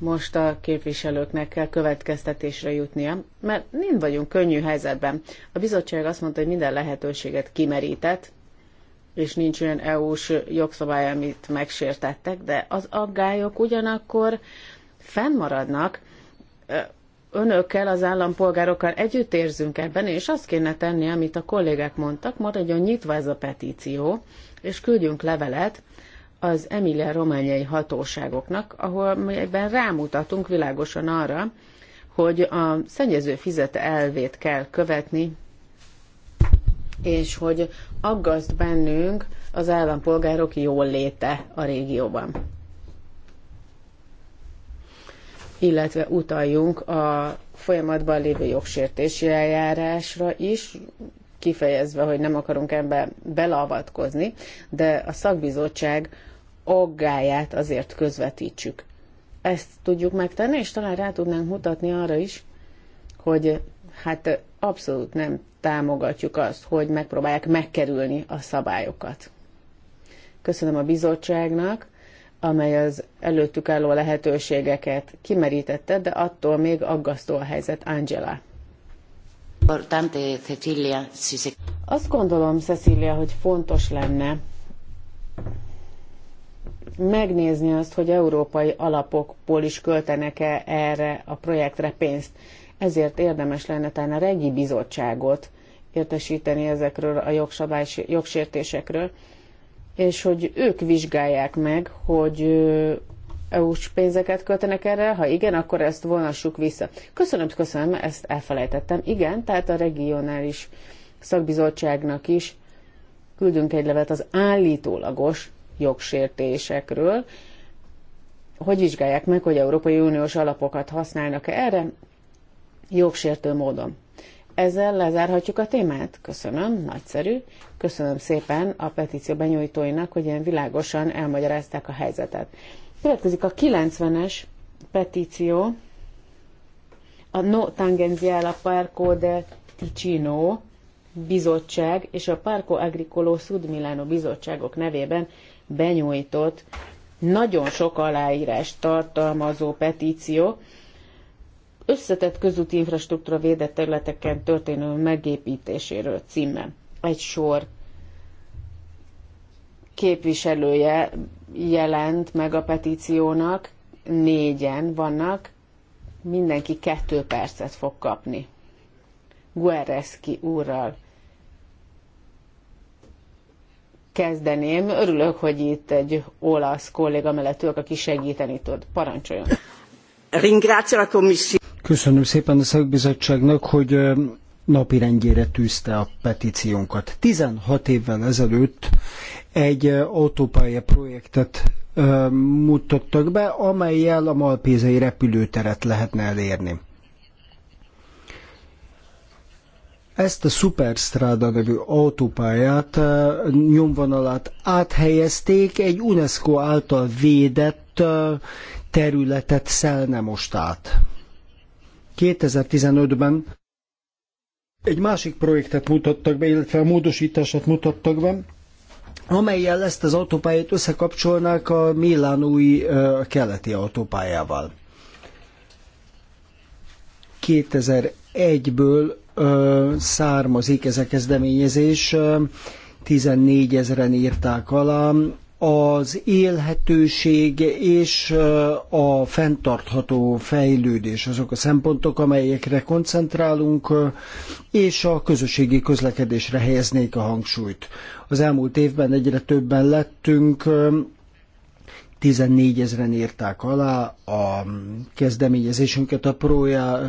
Speaker 4: most a képviselőknek kell következtetésre jutnia, mert nem vagyunk könnyű helyzetben. A bizottság azt mondta, hogy minden lehetőséget kimerített, és nincs olyan EU-s jogszabály, amit megsértettek, de az aggályok ugyanakkor fennmaradnak. Önökkel, az állampolgárokkal együtt érzünk ebben, és azt kéne tenni, amit a kollégák mondtak, maradjon nyitva ez a petíció, és küldjünk levelet az Emilia romániai hatóságoknak, ahol mi ebben rámutatunk világosan arra, hogy a szennyező fizet elvét kell követni, és hogy aggaszt bennünk az állampolgárok jól léte a régióban. Illetve utaljunk a folyamatban lévő jogsértési eljárásra is, kifejezve, hogy nem akarunk ebbe belavatkozni, de a szakbizottság aggáját azért közvetítsük. Ezt tudjuk megtenni, és talán rá tudnánk mutatni arra is, hogy hát abszolút nem támogatjuk azt, hogy megpróbálják megkerülni a szabályokat. Köszönöm a bizottságnak, amely az előttük álló lehetőségeket kimerítette, de attól még aggasztó a helyzet Angela. Azt gondolom, Cecilia, hogy fontos lenne megnézni azt, hogy európai alapokból is költenek-e erre a projektre pénzt. Ezért érdemes lenne talán a regi bizottságot értesíteni ezekről a jogszabály, jogsértésekről, és hogy ők vizsgálják meg, hogy EU-s pénzeket költenek erre, ha igen, akkor ezt vonassuk vissza. Köszönöm, köszönöm, ezt elfelejtettem. Igen, tehát a regionális szakbizottságnak is küldünk egy levet az állítólagos jogsértésekről, hogy vizsgálják meg, hogy Európai Uniós alapokat használnak -e erre jogsértő módon. Ezzel lezárhatjuk a témát. Köszönöm, nagyszerű. Köszönöm szépen a petíció benyújtóinak, hogy ilyen világosan elmagyarázták a helyzetet. Következik a 90-es petíció, a No Tangenziala Parco de Ticino bizottság és a Parco Agricolo Sud Milano bizottságok nevében benyújtott nagyon sok aláírás tartalmazó petíció, összetett közúti infrastruktúra védett területeken történő megépítéséről címmel. Egy sor képviselője jelent meg a petíciónak, négyen vannak, mindenki kettő percet fog kapni. Guereszki úrral kezdeném. Örülök, hogy itt egy olasz kolléga mellett ülök, aki segíteni tud. Parancsoljon!
Speaker 5: Köszönöm szépen a szakbizottságnak, hogy napirendjére tűzte a petíciónkat. 16 évvel ezelőtt egy autópálya projektet mutattak be, amelyel a Malpézai repülőteret lehetne elérni. ezt a Superstrada nevű autópályát, eh, nyomvonalát áthelyezték egy UNESCO által védett eh, területet szelne most át. 2015-ben egy másik projektet mutattak be, illetve a módosítását mutattak be, amelyel ezt az autópályát összekapcsolnák a Milánói eh, keleti autópályával. 2001-ből ö, származik ez a kezdeményezés. 14 ezeren írták alá. Az élhetőség és a fenntartható fejlődés azok a szempontok, amelyekre koncentrálunk, és a közösségi közlekedésre helyeznék a hangsúlyt. Az elmúlt évben egyre többen lettünk 14 ezeren írták alá a kezdeményezésünket a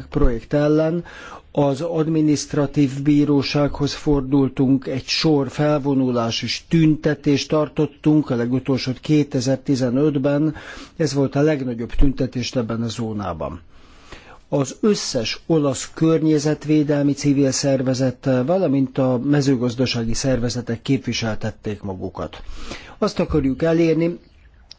Speaker 5: projekt ellen. Az adminisztratív bírósághoz fordultunk, egy sor felvonulás és tüntetést tartottunk, a legutolsó 2015-ben. Ez volt a legnagyobb tüntetés ebben a zónában az összes olasz környezetvédelmi civil szervezet, valamint a mezőgazdasági szervezetek képviseltették magukat. Azt akarjuk elérni,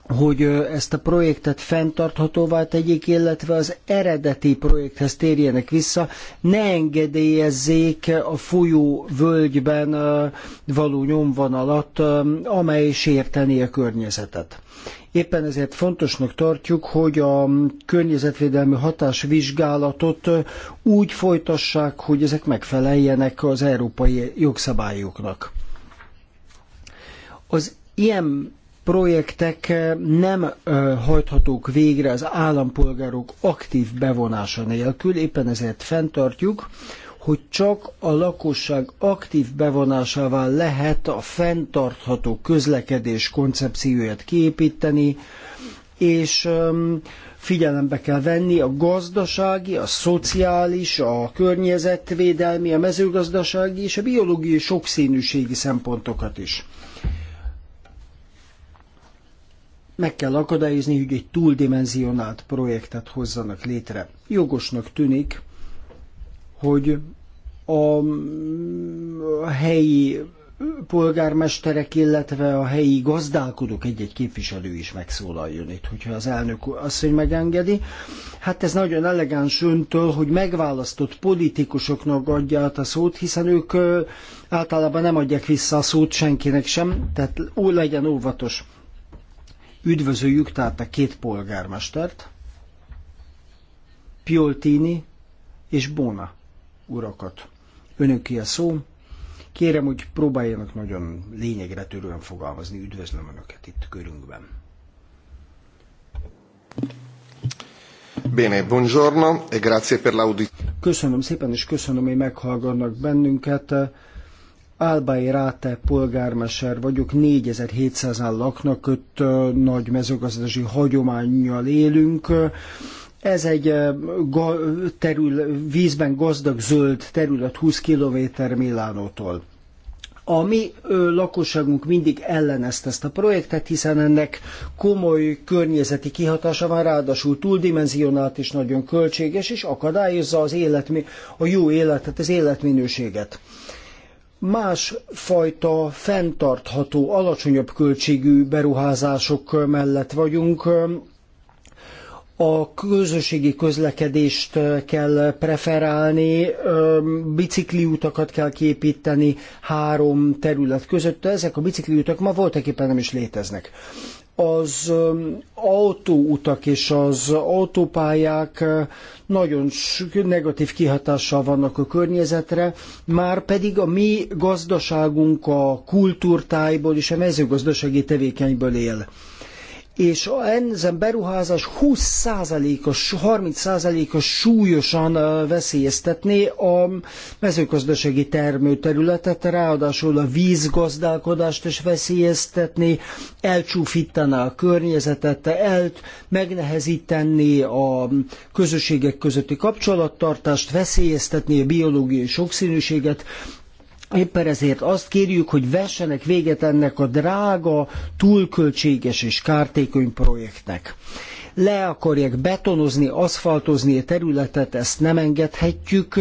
Speaker 5: hogy ezt a projektet fenntarthatóvá tegyék, illetve az eredeti projekthez térjenek vissza, ne engedélyezzék a folyó völgyben való nyomvonalat, amely sérteni a környezetet. Éppen ezért fontosnak tartjuk, hogy a környezetvédelmi hatásvizsgálatot úgy folytassák, hogy ezek megfeleljenek az európai jogszabályoknak. Az ilyen projektek eh, nem eh, hajthatók végre az állampolgárok aktív bevonása nélkül, éppen ezért fenntartjuk, hogy csak a lakosság aktív bevonásával lehet a fenntartható közlekedés koncepcióját kiépíteni, és ehm, figyelembe kell venni a gazdasági, a szociális, a környezetvédelmi, a mezőgazdasági és a biológiai sokszínűségi szempontokat is meg kell akadályozni, hogy egy túldimenzionált projektet hozzanak létre. Jogosnak tűnik, hogy a helyi polgármesterek, illetve a helyi gazdálkodók egy-egy képviselő is megszólaljon itt, hogyha az elnök asszony megengedi. Hát ez nagyon elegáns öntől, hogy megválasztott politikusoknak adja át a szót, hiszen ők általában nem adják vissza a szót senkinek sem, tehát ó, legyen óvatos. Üdvözöljük tehát a két polgármestert, Pioltini és Bona urakat. Önöki a szó. Kérem, hogy próbáljanak nagyon lényegre törően fogalmazni. Üdvözlöm Önöket itt körünkben. Bene, buongiorno e grazie per l'audit. Köszönöm szépen, és köszönöm, hogy meghallgatnak bennünket. Álbai Ráte polgármester vagyok, 4700-an laknak, öt nagy mezőgazdasági hagyományjal élünk. Ez egy terül, vízben gazdag zöld terület 20 km Milánótól. A mi lakosságunk mindig ellenezte ezt a projektet, hiszen ennek komoly környezeti kihatása van, ráadásul túldimenzionált és nagyon költséges, és akadályozza az életmi, a jó életet, az életminőséget más fajta fenntartható, alacsonyabb költségű beruházások mellett vagyunk. A közösségi közlekedést kell preferálni, bicikliutakat kell képíteni három terület között. Ezek a bicikliutak ma voltak éppen nem is léteznek az autóutak és az autópályák nagyon negatív kihatással vannak a környezetre, már pedig a mi gazdaságunk a kultúrtájból és a mezőgazdasági tevékenyből él és ezen beruházás 20%-os, 30%-os súlyosan veszélyeztetné a mezőgazdasági termőterületet, ráadásul a vízgazdálkodást is veszélyeztetné, elcsúfítaná a környezetet, el, megnehezítené a közösségek közötti kapcsolattartást, veszélyeztetné a biológiai sokszínűséget, Éppen ezért azt kérjük, hogy vessenek véget ennek a drága, túlköltséges és kártékony projektnek. Le akarják betonozni, aszfaltozni a területet, ezt nem engedhetjük,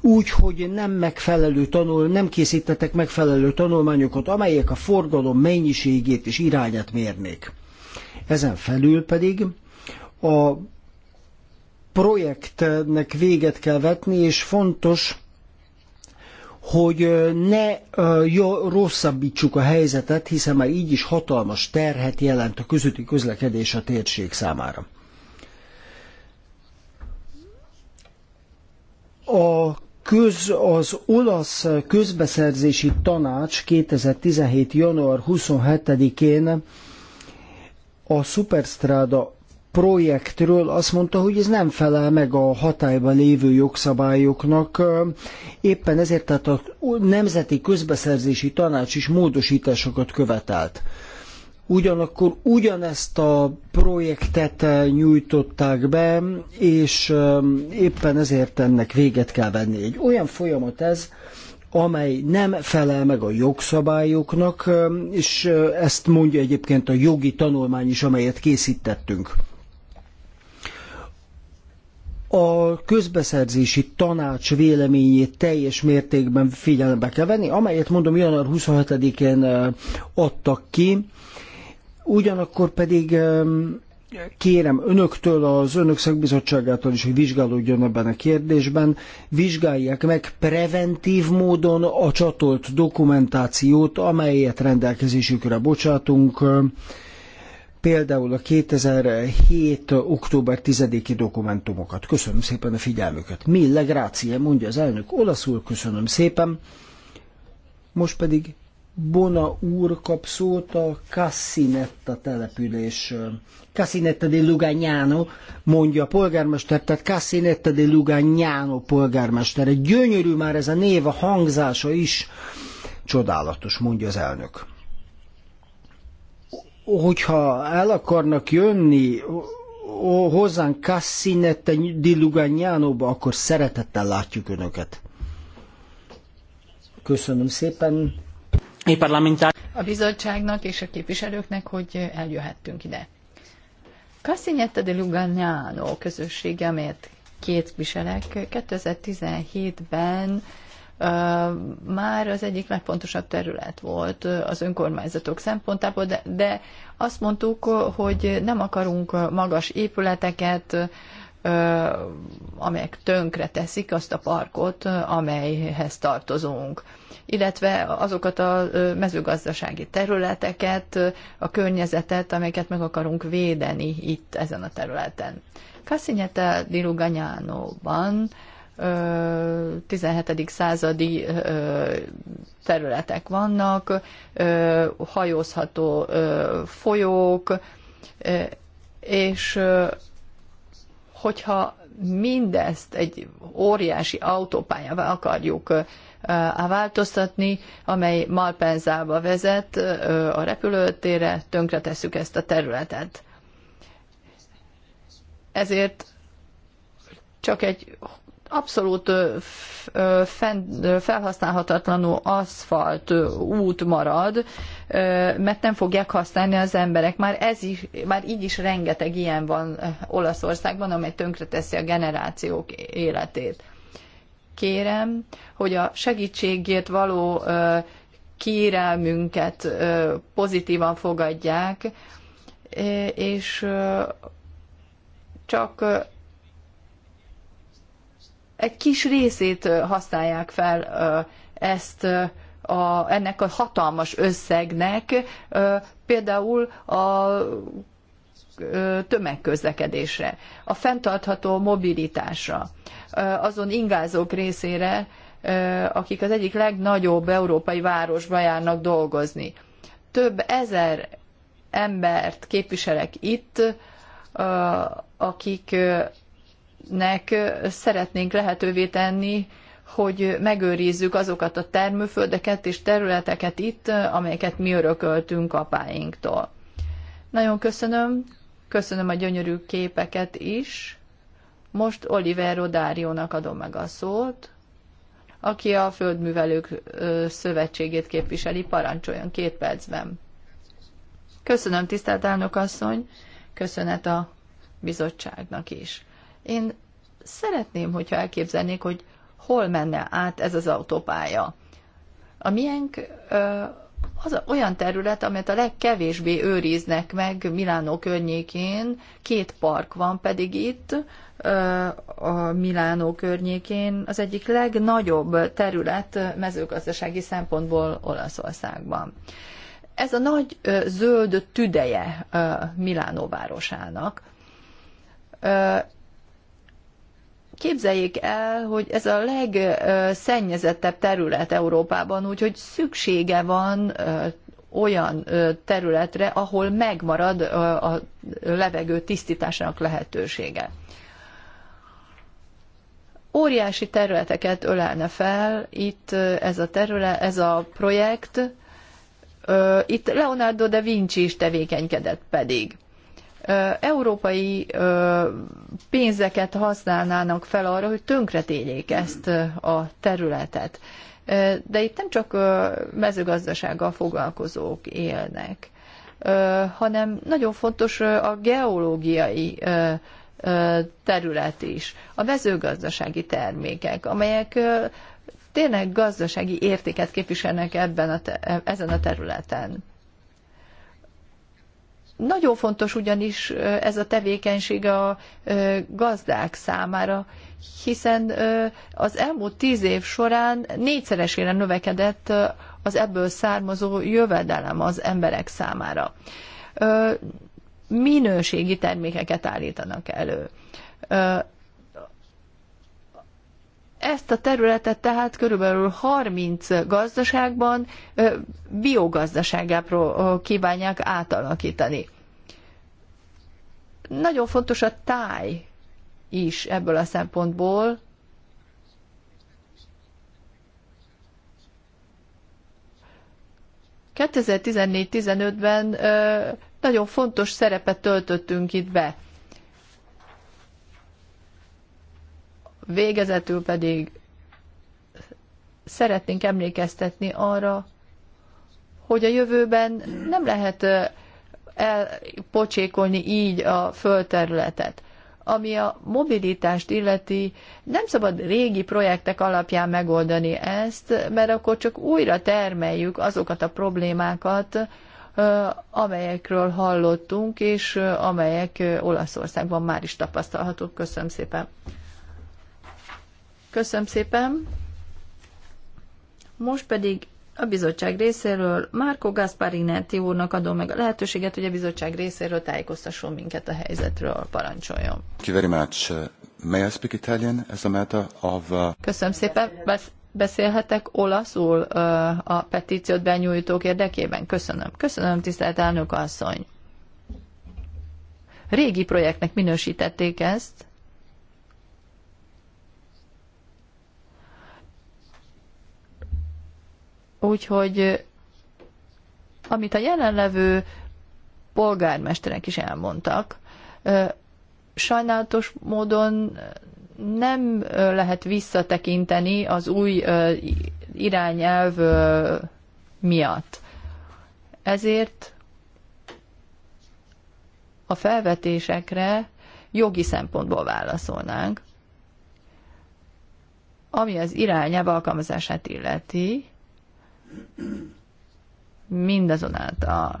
Speaker 5: úgy, hogy nem megfelelő tanul, nem készítettek megfelelő tanulmányokat, amelyek a forgalom mennyiségét és irányát mérnék. Ezen felül pedig a projektnek véget kell vetni, és fontos, hogy ne rosszabbítsuk a helyzetet, hiszen már így is hatalmas terhet jelent a közötti közlekedés a térség számára. A köz, az olasz közbeszerzési tanács 2017. január 27-én a Superstrada projektről azt mondta, hogy ez nem felel meg a hatályban lévő jogszabályoknak. Éppen ezért tehát a Nemzeti Közbeszerzési Tanács is módosításokat követelt. Ugyanakkor ugyanezt a projektet nyújtották be, és um, éppen ezért ennek véget kell venni. Egy olyan folyamat ez, amely nem felel meg a jogszabályoknak, um, és uh, ezt mondja egyébként a jogi tanulmány is, amelyet készítettünk a közbeszerzési tanács véleményét teljes mértékben figyelembe kell venni, amelyet mondom január 27-én adtak ki, ugyanakkor pedig kérem önöktől, az önök szakbizottságától is, hogy vizsgálódjon ebben a kérdésben, vizsgálják meg preventív módon a csatolt dokumentációt, amelyet rendelkezésükre bocsátunk, például a 2007. október 10-i dokumentumokat. Köszönöm szépen a figyelmüket. Mille grazie, mondja az elnök olaszul, köszönöm szépen. Most pedig Bona úr kap szót a Cassinetta település. Cassinetta de Lugagnano, mondja a polgármester, tehát Cassinetta de Lugagnano polgármester. Gyönyörű már ez a név, a hangzása is. Csodálatos, mondja az elnök hogyha el akarnak jönni hozzánk Cassinette di Lugagnánóba, akkor szeretettel látjuk Önöket. Köszönöm szépen.
Speaker 1: A bizottságnak és a képviselőknek, hogy eljöhettünk ide. Cassinette di Lugagnano közössége, amelyet képviselek, 2017-ben már az egyik legfontosabb terület volt az önkormányzatok szempontából, de, de azt mondtuk, hogy nem akarunk magas épületeket, amelyek tönkre teszik azt a parkot, amelyhez tartozunk. Illetve azokat a mezőgazdasági területeket, a környezetet, amelyeket meg akarunk védeni itt ezen a területen. Kassinyete Diruganyánóban ban 17. századi területek vannak, hajózható folyók, és hogyha mindezt egy óriási autópályával akarjuk változtatni, amely Malpenzába vezet a repülőtérre, tönkretesszük ezt a területet. Ezért csak egy abszolút felhasználhatatlanul aszfalt út marad, mert nem fogják használni az emberek. Már, ez is, már így is rengeteg ilyen van Olaszországban, amely tönkreteszi a generációk életét. Kérem, hogy a segítségért való kérelmünket pozitívan fogadják, és csak egy kis részét használják fel ezt a, ennek a hatalmas összegnek, például a tömegközlekedésre, a fenntartható mobilitásra, azon ingázók részére, akik az egyik legnagyobb európai városba járnak dolgozni. Több ezer embert képviselek itt, akik nek szeretnénk lehetővé tenni, hogy megőrizzük azokat a termőföldeket és területeket itt, amelyeket mi örököltünk apáinktól. Nagyon köszönöm, köszönöm a gyönyörű képeket is. Most Oliver Rodáriónak adom meg a szót, aki a Földművelők Szövetségét képviseli, parancsoljon két percben. Köszönöm, tisztelt elnök asszony, köszönet a bizottságnak is. Én szeretném, hogyha elképzelnék, hogy hol menne át ez az autópálya. A miénk az olyan terület, amelyet a legkevésbé őriznek meg Milánó környékén, két park van pedig itt, a Milánó környékén az egyik legnagyobb terület mezőgazdasági szempontból Olaszországban. Ez a nagy zöld tüdeje Milánó városának Képzeljék el, hogy ez a legszennyezettebb terület Európában, úgyhogy szüksége van olyan területre, ahol megmarad a levegő tisztításának lehetősége. Óriási területeket ölelne fel itt ez a, terület, ez a projekt, itt Leonardo da Vinci is tevékenykedett pedig európai pénzeket használnának fel arra, hogy tönkretégyék ezt a területet. De itt nem csak mezőgazdasággal foglalkozók élnek, hanem nagyon fontos a geológiai terület is, a mezőgazdasági termékek, amelyek tényleg gazdasági értéket képviselnek ebben a ezen a területen. Nagyon fontos ugyanis ez a tevékenység a gazdák számára, hiszen az elmúlt tíz év során négyszeresére növekedett az ebből származó jövedelem az emberek számára. Minőségi termékeket állítanak elő ezt a területet tehát körülbelül 30 gazdaságban biogazdaságá kívánják átalakítani. Nagyon fontos a táj is ebből a szempontból, ...2014-15-ben nagyon fontos szerepet töltöttünk itt be. Végezetül pedig szeretnénk emlékeztetni arra, hogy a jövőben nem lehet elpocsékolni így a földterületet. Ami a mobilitást illeti, nem szabad régi projektek alapján megoldani ezt, mert akkor csak újra termeljük azokat a problémákat, amelyekről hallottunk, és amelyek Olaszországban már is tapasztalhatók. Köszönöm szépen! Köszönöm szépen. Most pedig a bizottság részéről Márko Gasparinetti úrnak adom meg a lehetőséget, hogy a bizottság részéről tájékoztasson minket a helyzetről, parancsoljon.
Speaker 2: May I speak Italian as a matter of... Uh,
Speaker 1: Köszönöm szépen. Beszélhetek olaszul uh, a petíciót benyújtók érdekében? Köszönöm. Köszönöm, tisztelt elnök asszony. Régi projektnek minősítették ezt, Úgyhogy amit a jelenlevő polgármesterek is elmondtak, sajnálatos módon nem lehet visszatekinteni az új irányelv miatt. Ezért a felvetésekre jogi szempontból válaszolnánk. Ami az irányelv alkalmazását illeti, Mindazonáltal.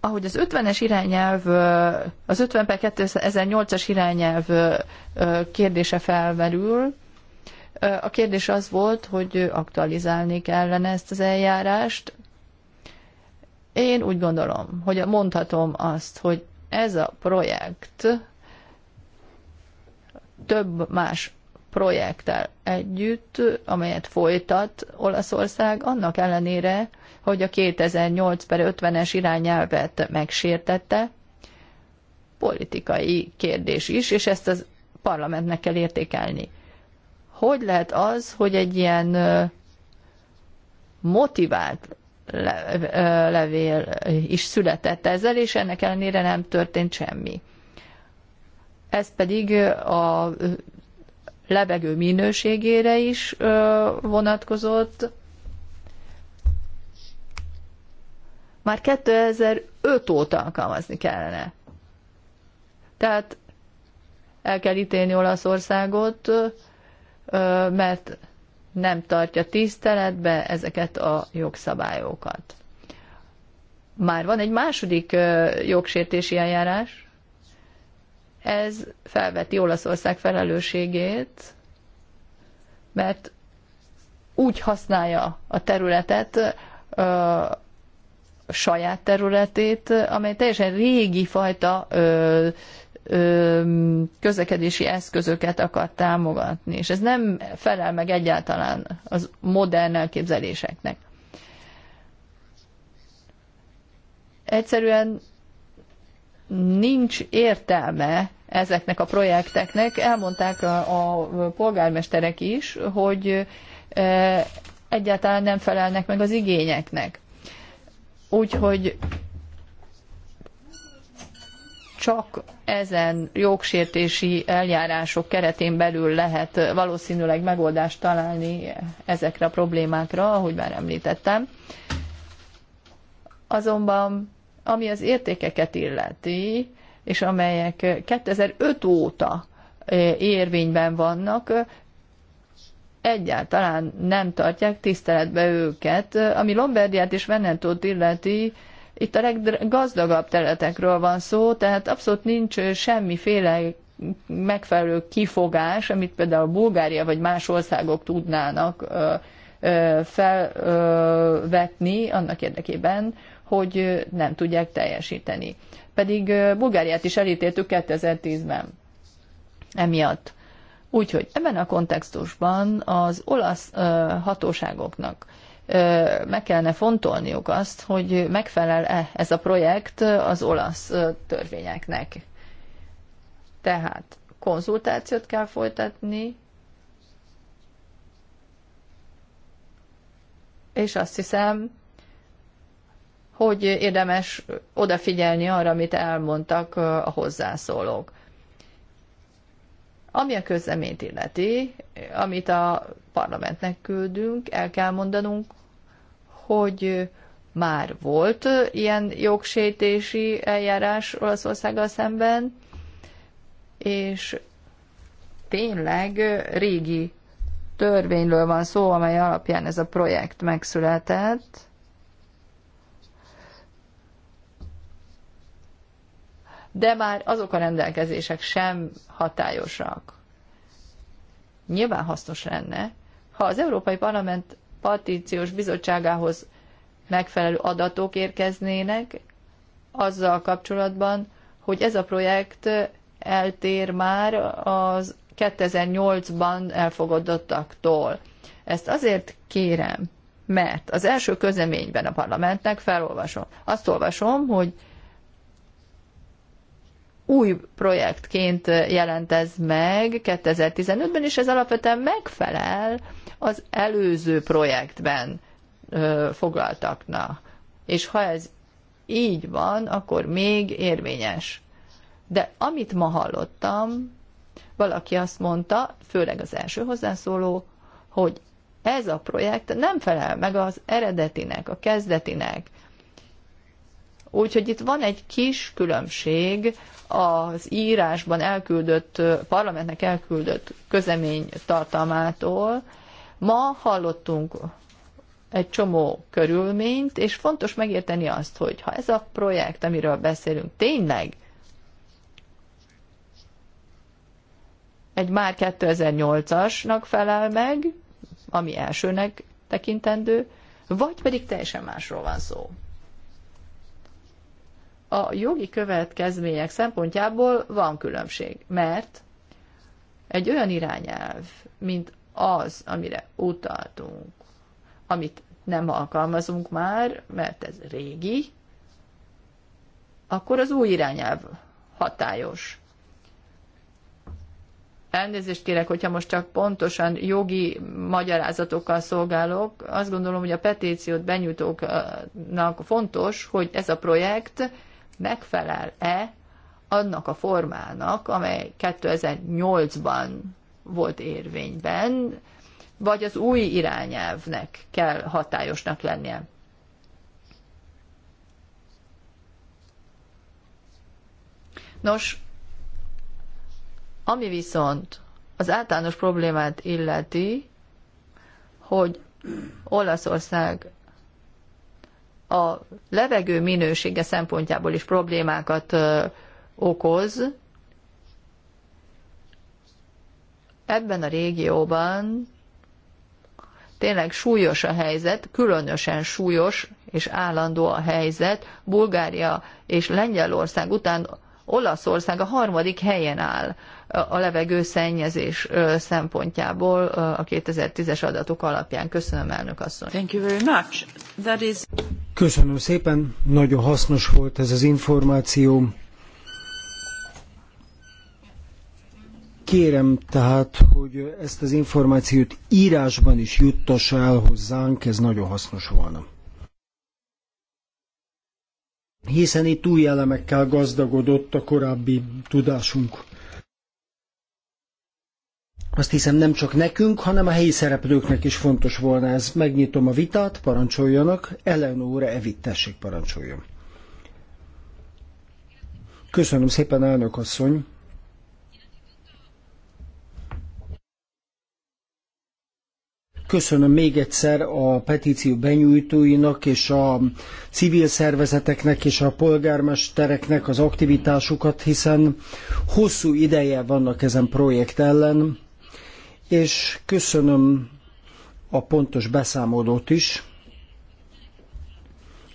Speaker 1: ahogy az 50-es irányelv, az 50 per 2008-as irányelv kérdése felmerül, a kérdés az volt, hogy aktualizálni kellene ezt az eljárást. Én úgy gondolom, hogy mondhatom azt, hogy ez a projekt több más projekttel együtt, amelyet folytat Olaszország, annak ellenére, hogy a 2008 per 50-es irányelvet megsértette, politikai kérdés is, és ezt az parlamentnek kell értékelni. Hogy lehet az, hogy egy ilyen motivált levél is született ezzel, és ennek ellenére nem történt semmi. Ez pedig a lebegő minőségére is vonatkozott. Már 2005 óta alkalmazni kellene. Tehát el kell ítélni Olaszországot, mert nem tartja tiszteletbe ezeket a jogszabályokat. Már van egy második jogsértési eljárás, ez felveti Olaszország felelősségét, mert úgy használja a területet, a saját területét, amely teljesen régi fajta ö, ö, közlekedési eszközöket akar támogatni, és ez nem felel meg egyáltalán az modern elképzeléseknek. Egyszerűen nincs értelme ezeknek a projekteknek. Elmondták a, a polgármesterek is, hogy e, egyáltalán nem felelnek meg az igényeknek. Úgyhogy csak ezen jogsértési eljárások keretén belül lehet valószínűleg megoldást találni ezekre a problémákra, ahogy már említettem. Azonban, ami az értékeket illeti, és amelyek 2005 óta érvényben vannak, egyáltalán nem tartják tiszteletbe őket. Ami Lombardiát és Venetót illeti, itt a leggazdagabb területekről van szó, tehát abszolút nincs semmiféle megfelelő kifogás, amit például Bulgária vagy más országok tudnának felvetni annak érdekében, hogy nem tudják teljesíteni pedig Bulgáriát is elítéltük 2010-ben emiatt. Úgyhogy ebben a kontextusban az olasz hatóságoknak meg kellene fontolniuk azt, hogy megfelel-e ez a projekt az olasz törvényeknek. Tehát konzultációt kell folytatni, és azt hiszem, hogy érdemes odafigyelni arra, amit elmondtak a hozzászólók. Ami a közleményt illeti, amit a parlamentnek küldünk, el kell mondanunk, hogy már volt ilyen jogsétési eljárás Olaszországgal szemben, és tényleg régi törvényről van szó, amely alapján ez a projekt megszületett, de már azok a rendelkezések sem hatályosak. Nyilván hasznos lenne, ha az Európai Parlament Partíciós Bizottságához megfelelő adatok érkeznének azzal kapcsolatban, hogy ez a projekt eltér már az 2008-ban elfogadottaktól. Ezt azért kérem, mert az első közleményben a parlamentnek felolvasom. Azt olvasom, hogy új projektként jelentez meg 2015-ben, és ez alapvetően megfelel az előző projektben foglaltaknak. És ha ez így van, akkor még érvényes. De amit ma hallottam, valaki azt mondta, főleg az első hozzászóló, hogy ez a projekt nem felel meg az eredetinek, a kezdetinek. Úgyhogy itt van egy kis különbség az írásban elküldött, parlamentnek elküldött közemény tartalmától. Ma hallottunk egy csomó körülményt, és fontos megérteni azt, hogy ha ez a projekt, amiről beszélünk, tényleg egy már 2008-asnak felel meg, ami elsőnek tekintendő, vagy pedig teljesen másról van szó a jogi következmények szempontjából van különbség, mert egy olyan irányelv, mint az, amire utaltunk, amit nem alkalmazunk már, mert ez régi, akkor az új irányelv hatályos. Elnézést kérek, hogyha most csak pontosan jogi magyarázatokkal szolgálok. Azt gondolom, hogy a petíciót benyújtóknak fontos, hogy ez a projekt megfelel-e annak a formának, amely 2008-ban volt érvényben, vagy az új irányelvnek kell hatályosnak lennie. Nos, ami viszont az általános problémát illeti, hogy Olaszország a levegő minősége szempontjából is problémákat okoz, ebben a régióban tényleg súlyos a helyzet, különösen súlyos és állandó a helyzet. Bulgária és Lengyelország után Olaszország a harmadik helyen áll a levegőszennyezés szempontjából a 2010-es adatok alapján. Köszönöm, elnök asszony. Thank you very much. That is...
Speaker 5: Köszönöm szépen, nagyon hasznos volt ez az információ. Kérem tehát, hogy ezt az információt írásban is juttassa el hozzánk, ez nagyon hasznos volna. Hiszen itt új elemekkel gazdagodott a korábbi tudásunk. Azt hiszem nem csak nekünk, hanem a helyi szereplőknek is fontos volna ez. Megnyitom a vitát, parancsoljanak. Eleonóra Evit, tessék parancsoljon. Köszönöm szépen, elnök asszony. Köszönöm még egyszer a petíció benyújtóinak és a civil szervezeteknek és a polgármestereknek az aktivitásukat, hiszen hosszú ideje vannak ezen projekt ellen és köszönöm a pontos beszámolót is,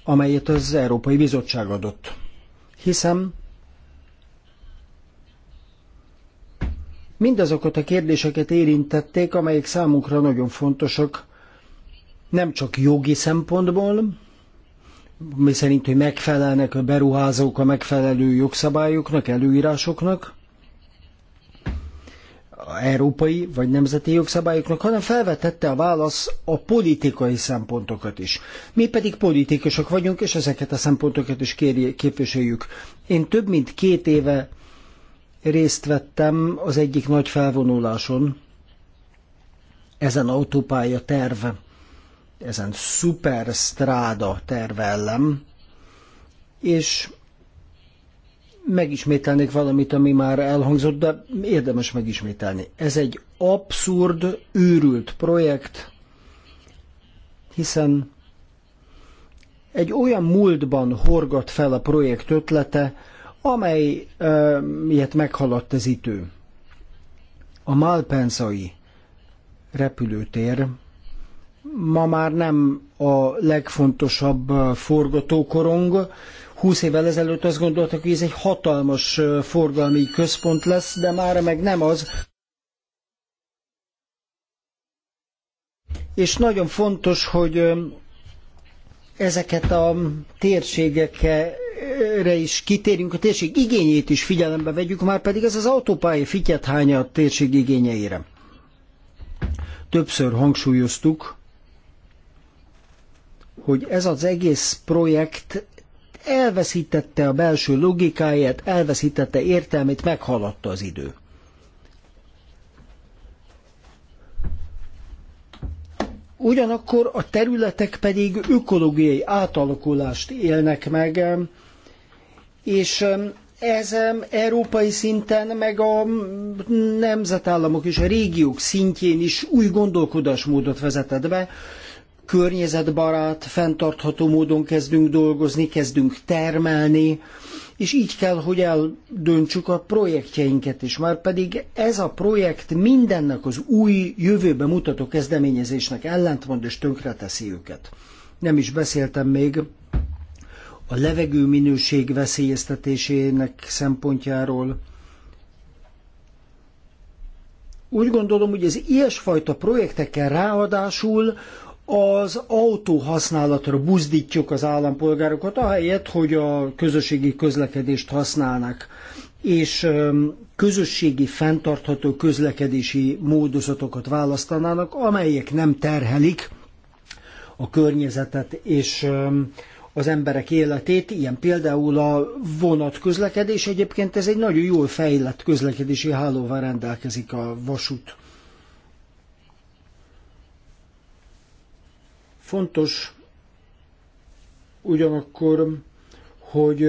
Speaker 5: amelyet az Európai Bizottság adott. Hiszem, mindazokat a kérdéseket érintették, amelyek számunkra nagyon fontosak, nem csak jogi szempontból, miszerint, hogy megfelelnek a beruházók a megfelelő jogszabályoknak, előírásoknak, európai vagy nemzeti jogszabályoknak, hanem felvetette a válasz a politikai szempontokat is. Mi pedig politikusok vagyunk, és ezeket a szempontokat is kérje, képviseljük. Én több mint két éve részt vettem az egyik nagy felvonuláson, ezen autópálya terv, ezen szuperstráda terve ellen, és megismételnék valamit, ami már elhangzott, de érdemes megismételni. Ez egy abszurd, őrült projekt, hiszen egy olyan múltban horgat fel a projekt ötlete, amely e, miért meghaladt az idő. A Malpensai repülőtér ma már nem a legfontosabb forgatókorong, Húsz évvel ezelőtt azt gondoltak, hogy ez egy hatalmas forgalmi központ lesz, de már meg nem az. És nagyon fontos, hogy ezeket a térségekre is kitérjünk, a térség igényét is figyelembe vegyük, már pedig ez az autópálya fityet hánya a térség igényeire. Többször hangsúlyoztuk, hogy ez az egész projekt elveszítette a belső logikáját, elveszítette értelmét, meghaladta az idő. Ugyanakkor a területek pedig ökológiai átalakulást élnek meg, és ez európai szinten, meg a nemzetállamok és a régiók szintjén is új gondolkodásmódot vezetett be, környezetbarát, fenntartható módon kezdünk dolgozni, kezdünk termelni, és így kell, hogy eldöntsük a projektjeinket is. Már pedig ez a projekt mindennek az új jövőbe mutató kezdeményezésnek ellentmond, és tönkreteszi őket. Nem is beszéltem még a levegő minőség veszélyeztetésének szempontjáról. Úgy gondolom, hogy az ilyesfajta projektekkel ráadásul az autó használatra buzdítjuk az állampolgárokat, ahelyett, hogy a közösségi közlekedést használnak és közösségi fenntartható közlekedési módozatokat választanának, amelyek nem terhelik a környezetet és az emberek életét, ilyen például a vonatközlekedés, egyébként ez egy nagyon jól fejlett közlekedési hálóval rendelkezik a vasút. Fontos ugyanakkor, hogy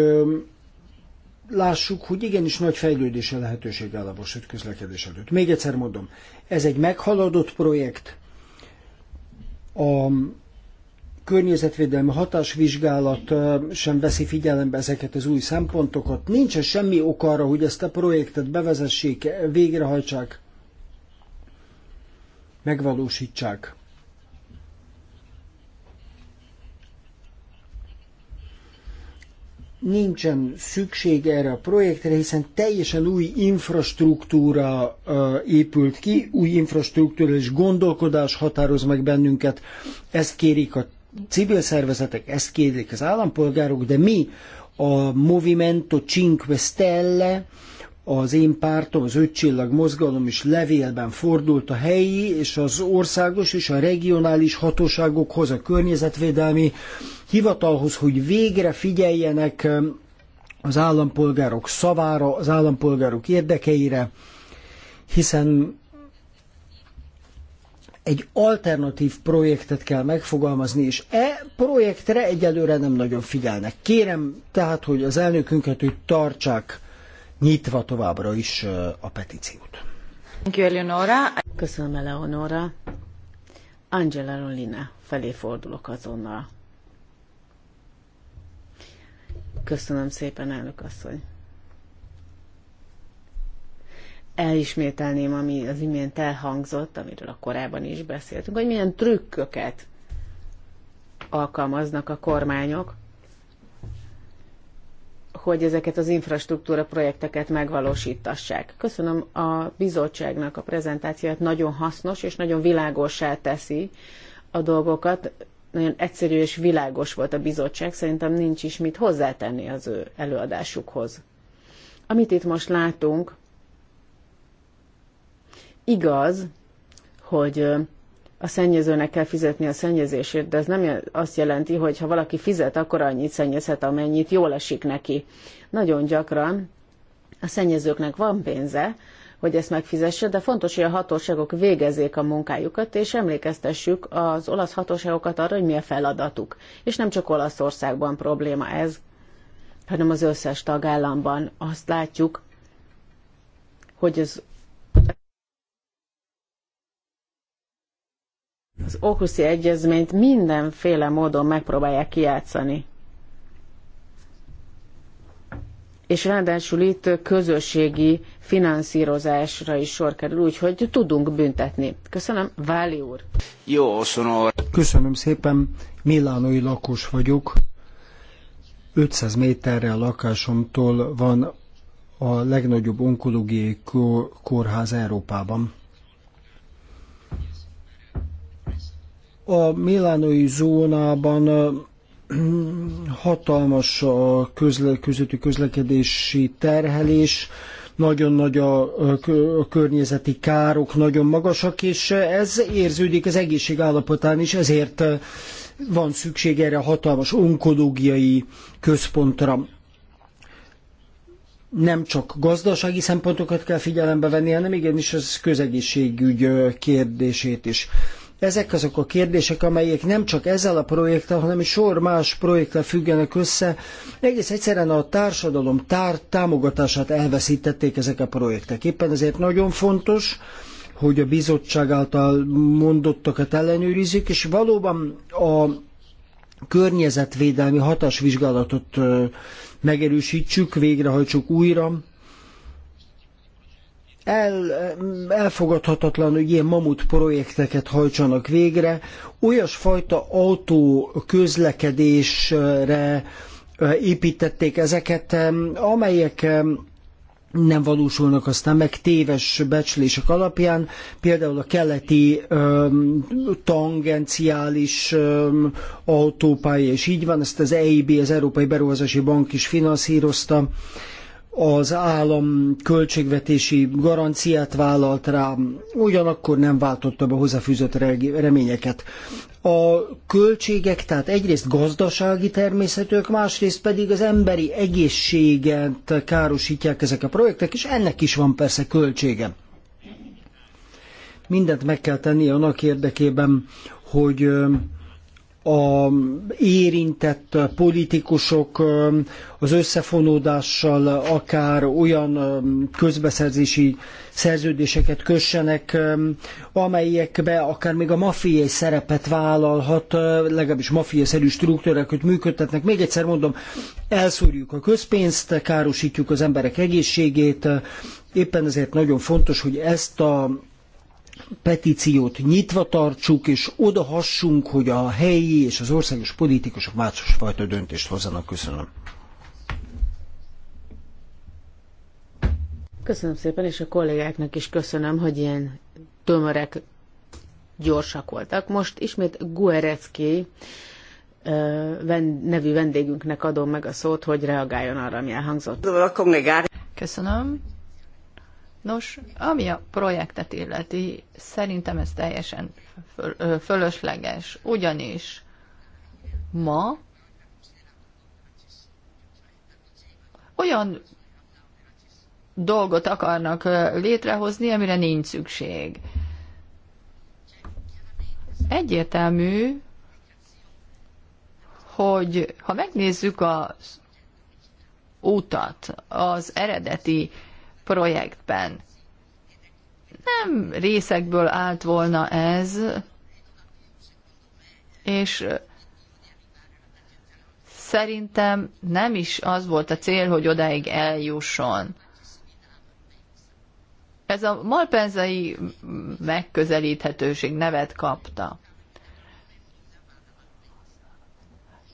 Speaker 5: lássuk, hogy igenis nagy fejlődése lehetőség áll a vasút közlekedés előtt. Még egyszer mondom, ez egy meghaladott projekt, a környezetvédelmi hatásvizsgálat sem veszi figyelembe ezeket az új szempontokat. -e semmi ok arra, hogy ezt a projektet bevezessék, végrehajtsák, megvalósítsák. nincsen szükség erre a projektre, hiszen teljesen új infrastruktúra épült ki, új infrastruktúra és gondolkodás határoz meg bennünket. Ezt kérik a civil szervezetek, ezt kérik az állampolgárok, de mi a Movimento Cinque Stelle, az én pártom, az csillag Mozgalom is levélben fordult a helyi és az országos és a regionális hatóságokhoz, a környezetvédelmi hivatalhoz, hogy végre figyeljenek um, az állampolgárok szavára, az állampolgárok érdekeire, hiszen egy alternatív projektet kell megfogalmazni, és e projektre egyelőre nem nagyon figyelnek. Kérem tehát, hogy az elnökünket, hogy tartsák nyitva továbbra is a petíciót.
Speaker 4: Köszönöm, Eleonora. Angela Rolina felé fordulok azonnal. Köszönöm szépen, elnök asszony. Elismételném, ami az imént elhangzott, amiről a korábban is beszéltünk, hogy milyen trükköket alkalmaznak a kormányok hogy ezeket az infrastruktúra projekteket megvalósítassák. Köszönöm a bizottságnak a prezentációt, nagyon hasznos és nagyon világosá teszi a dolgokat. Nagyon egyszerű és világos volt a bizottság, szerintem nincs is mit hozzátenni az ő előadásukhoz. Amit itt most látunk, igaz, hogy a szennyezőnek kell fizetni a szennyezését, de ez nem azt jelenti, hogy ha valaki fizet, akkor annyit szennyezhet, amennyit jól esik neki. Nagyon gyakran a szennyezőknek van pénze, hogy ezt megfizesse, de fontos, hogy a hatóságok végezzék a munkájukat, és emlékeztessük az olasz hatóságokat arra, hogy mi a feladatuk. És nem csak Olaszországban probléma ez, hanem az összes tagállamban azt látjuk, hogy az az Okuszi Egyezményt mindenféle módon megpróbálják kijátszani. És ráadásul itt közösségi finanszírozásra is sor kerül, úgyhogy tudunk büntetni. Köszönöm, Váli úr.
Speaker 5: Jó, szonor. Köszönöm szépen, milánói lakos vagyok. 500 méterre a lakásomtól van a legnagyobb onkológiai kórház Európában. A milánói zónában hatalmas a közle, közötti közlekedési terhelés, nagyon nagy a, a környezeti károk, nagyon magasak, és ez érződik az egészség állapotán is, ezért van szükség erre a hatalmas onkológiai központra. Nem csak gazdasági szempontokat kell figyelembe venni, hanem igenis az közegészségügy kérdését is. Ezek azok a kérdések, amelyek nem csak ezzel a projekttel, hanem egy sor más projekttel függenek össze. Egész egyszerűen a társadalom tár támogatását elveszítették ezek a projektek. Éppen ezért nagyon fontos, hogy a bizottság által mondottakat ellenőrizzük, és valóban a környezetvédelmi hatásvizsgálatot megerősítsük, végrehajtsuk újra, el, elfogadhatatlan, hogy ilyen mamut projekteket hajtsanak végre. Olyasfajta autó közlekedésre építették ezeket, amelyek nem valósulnak aztán meg téves becslések alapján, például a keleti öm, tangenciális öm, autópálya, és így van, ezt az EIB, az Európai Beruházási Bank is finanszírozta. Öm, az állam költségvetési garanciát vállalt rá, ugyanakkor nem váltotta be hozzáfűzött reményeket. A költségek tehát egyrészt gazdasági természetűek, másrészt pedig az emberi egészséget károsítják ezek a projektek, és ennek is van persze költsége. Mindent meg kell tenni annak érdekében, hogy a érintett politikusok az összefonódással akár olyan közbeszerzési szerződéseket kössenek, amelyekbe akár még a mafiai szerepet vállalhat, legalábbis mafiaszerű struktúrákat működtetnek. Még egyszer mondom, elszúrjuk a közpénzt, károsítjuk az emberek egészségét, éppen ezért nagyon fontos, hogy ezt a petíciót nyitva tartsuk, és odahassunk, hogy a helyi és az országos politikusok másfajta döntést hozzanak. Köszönöm.
Speaker 4: Köszönöm szépen, és a kollégáknak is köszönöm, hogy ilyen tömörek, gyorsak voltak. Most ismét Guerecki nevű vendégünknek adom meg a szót, hogy reagáljon arra, ami elhangzott.
Speaker 1: Köszönöm. Nos, ami a projektet illeti, szerintem ez teljesen föl, fölösleges, ugyanis ma olyan dolgot akarnak létrehozni, amire nincs szükség. Egyértelmű, hogy ha megnézzük az utat, az eredeti projektben. Nem részekből állt volna ez, és szerintem nem is az volt a cél, hogy odáig eljusson. Ez a malpenzai megközelíthetőség nevet kapta.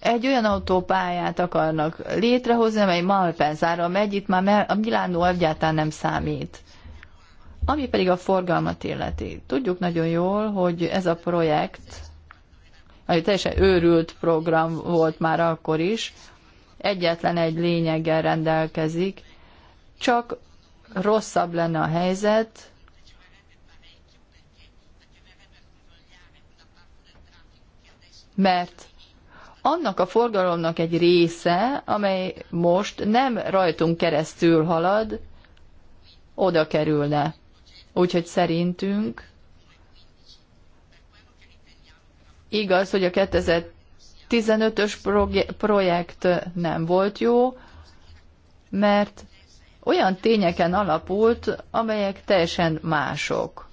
Speaker 1: egy olyan autópályát akarnak létrehozni, amely Malpensára megy, itt már a Milánó egyáltalán nem számít. Ami pedig a forgalmat illeti. Tudjuk nagyon jól, hogy ez a projekt, ami teljesen őrült program volt már akkor is, egyetlen egy lényeggel rendelkezik, csak rosszabb lenne a helyzet, mert annak a forgalomnak egy része, amely most nem rajtunk keresztül halad, oda kerülne. Úgyhogy szerintünk igaz, hogy a 2015-ös projekt nem volt jó, mert olyan tényeken alapult, amelyek teljesen mások.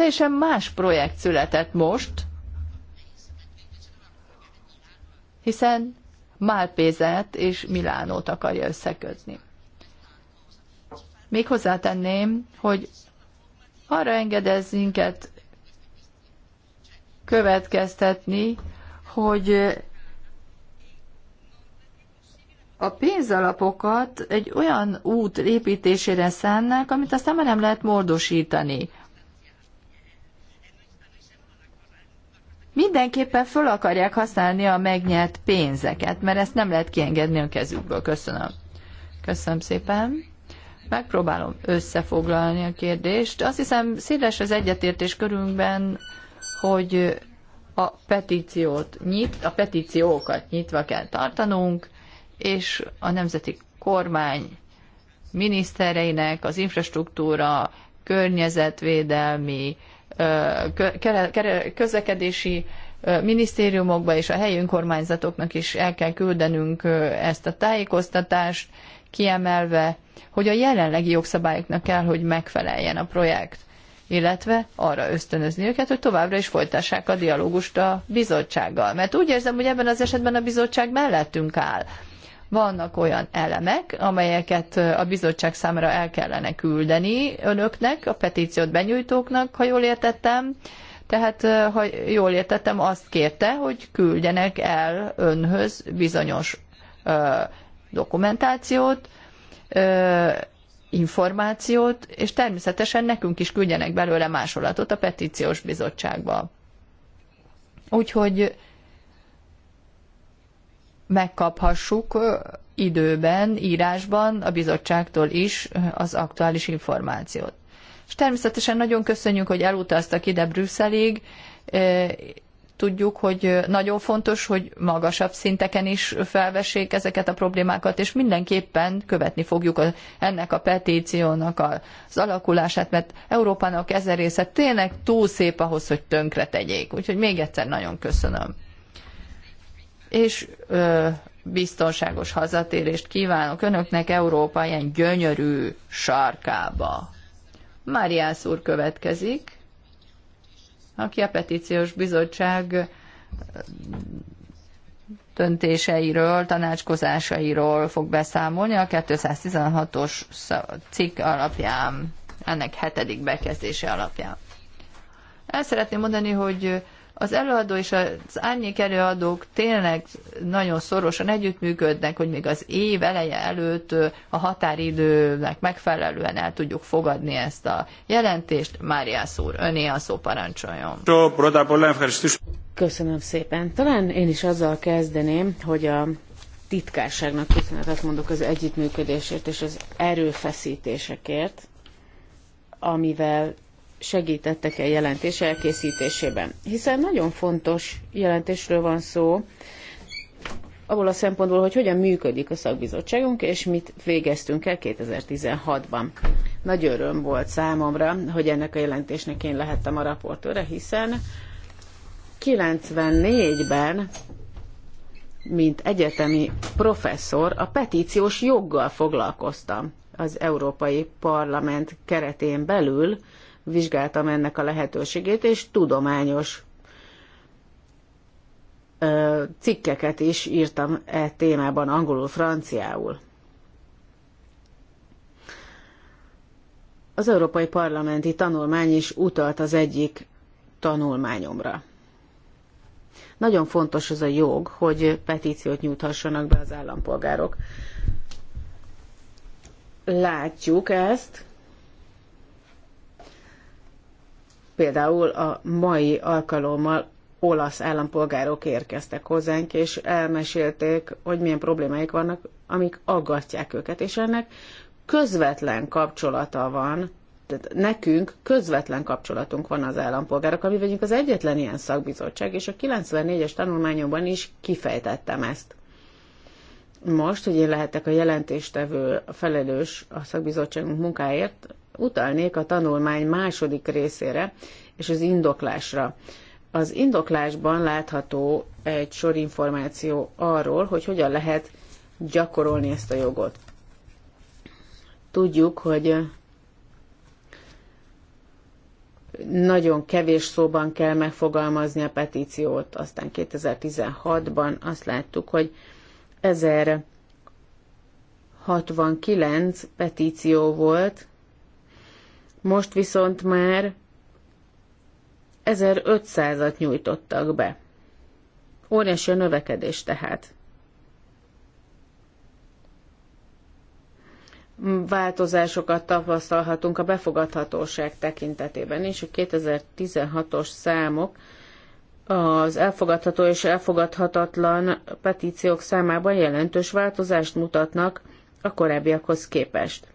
Speaker 1: teljesen más projekt született most, hiszen Málpézet és Milánót akarja összekötni. Még hozzátenném, hogy arra engedez minket következtetni, hogy a pénzalapokat egy olyan út építésére szánnak, amit aztán már nem lehet módosítani. mindenképpen föl akarják használni a megnyert pénzeket, mert ezt nem lehet kiengedni a kezükből. Köszönöm. Köszönöm szépen. Megpróbálom összefoglalni a kérdést. Azt hiszem széles az egyetértés körünkben, hogy a petíciót nyit, a petíciókat nyitva kell tartanunk, és a nemzeti kormány minisztereinek az infrastruktúra, környezetvédelmi, közlekedési minisztériumokba és a helyi önkormányzatoknak is el kell küldenünk ezt a tájékoztatást, kiemelve, hogy a jelenlegi jogszabályoknak kell, hogy megfeleljen a projekt, illetve arra ösztönözni őket, hogy továbbra is folytassák a dialógust a bizottsággal. Mert úgy érzem, hogy ebben az esetben a bizottság mellettünk áll. Vannak olyan elemek, amelyeket a bizottság számára el kellene küldeni önöknek, a petíciót benyújtóknak, ha jól értettem. Tehát, ha jól értettem, azt kérte, hogy küldjenek el önhöz bizonyos ö, dokumentációt, ö, információt, és természetesen nekünk is küldjenek belőle másolatot a petíciós bizottságba. Úgyhogy megkaphassuk időben, írásban a bizottságtól is az aktuális információt. És természetesen nagyon köszönjük, hogy elutaztak ide Brüsszelig. Tudjuk, hogy nagyon fontos, hogy magasabb szinteken is felvessék ezeket a problémákat, és mindenképpen követni fogjuk a, ennek a petíciónak az alakulását, mert Európának ez a része tényleg túl szép ahhoz, hogy tönkre tegyék. Úgyhogy még egyszer nagyon köszönöm és ö, biztonságos hazatérést kívánok önöknek Európa ilyen gyönyörű sarkába. Máriász úr következik, aki a petíciós bizottság döntéseiről, tanácskozásairól fog beszámolni a 216-os cikk alapján, ennek hetedik bekezdése alapján. El szeretném mondani, hogy az előadó és az árnyék előadók tényleg nagyon szorosan együttműködnek, hogy még az év eleje előtt a határidőnek megfelelően el tudjuk fogadni ezt a jelentést. Máriász úr, öné a szó parancsoljon. Köszönöm szépen. Talán én is azzal kezdeném, hogy a
Speaker 4: titkárságnak köszönetet mondok az együttműködésért és az erőfeszítésekért, amivel segítettek el jelentés elkészítésében. Hiszen nagyon fontos jelentésről van szó, abból a szempontból, hogy hogyan működik a szakbizottságunk, és mit végeztünk el 2016-ban. Nagy öröm volt számomra, hogy ennek a jelentésnek én lehettem a raportőre, hiszen 94-ben, mint egyetemi professzor, a petíciós joggal foglalkoztam az Európai Parlament keretén belül, vizsgáltam ennek a lehetőségét, és tudományos cikkeket is írtam e témában angolul, franciául. Az Európai Parlamenti Tanulmány is utalt az egyik tanulmányomra. Nagyon fontos az a jog, hogy petíciót nyújthassanak be az állampolgárok. Látjuk ezt, Például a mai alkalommal olasz állampolgárok érkeztek hozzánk, és elmesélték, hogy milyen problémáik vannak, amik aggatják őket, és ennek közvetlen kapcsolata van, tehát nekünk közvetlen kapcsolatunk van az állampolgárok, ami vagyunk az egyetlen ilyen szakbizottság, és a 94-es tanulmányomban is kifejtettem ezt. Most, hogy én lehetek a jelentéstevő a felelős a szakbizottságunk munkáért, utalnék a tanulmány második részére és az indoklásra. Az indoklásban látható egy sor információ arról, hogy hogyan lehet gyakorolni ezt a jogot. Tudjuk, hogy nagyon kevés szóban kell megfogalmazni a petíciót. Aztán 2016-ban azt láttuk, hogy 1069 petíció volt, most viszont már 1500-at nyújtottak be. Óriási a növekedés tehát. Változásokat tapasztalhatunk a befogadhatóság tekintetében is. A 2016-os számok az elfogadható és elfogadhatatlan petíciók számában jelentős változást mutatnak a korábbiakhoz képest.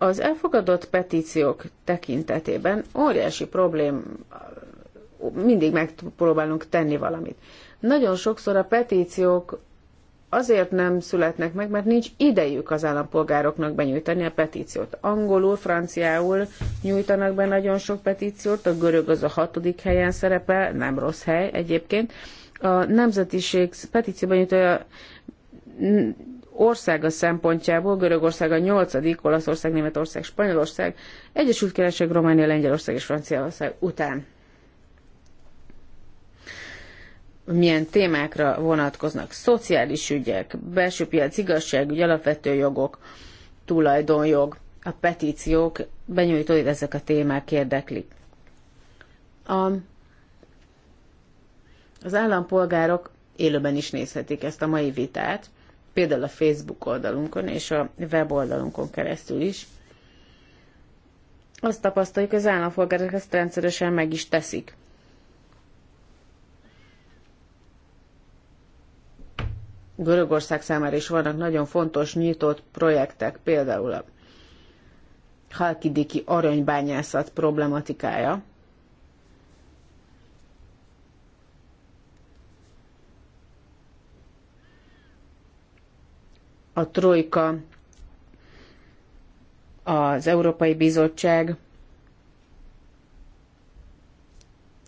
Speaker 4: Az elfogadott petíciók tekintetében óriási problém, mindig megpróbálunk tenni valamit. Nagyon sokszor a petíciók azért nem születnek meg, mert nincs idejük az állampolgároknak benyújtani a petíciót. Angolul, franciául nyújtanak be nagyon sok petíciót, a görög az a hatodik helyen szerepel, nem rossz hely egyébként. A nemzetiség petícióban nyújtója országa szempontjából, Görögország a nyolcadik, Olaszország, Németország, Spanyolország, Egyesült Királyság, Románia, Lengyelország és Franciaország után. Milyen témákra vonatkoznak? Szociális ügyek, belső piac, igazságügy, alapvető jogok, tulajdonjog, a petíciók, benyújtóid ezek a témák érdeklik. A, az állampolgárok élőben is nézhetik ezt a mai vitát, például a Facebook oldalunkon és a weboldalunkon keresztül is. Azt tapasztaljuk, az állampolgárok ezt rendszeresen meg is teszik. Görögország számára is vannak nagyon fontos nyitott projektek, például a Halkidiki aranybányászat problematikája, a Trojka, az Európai Bizottság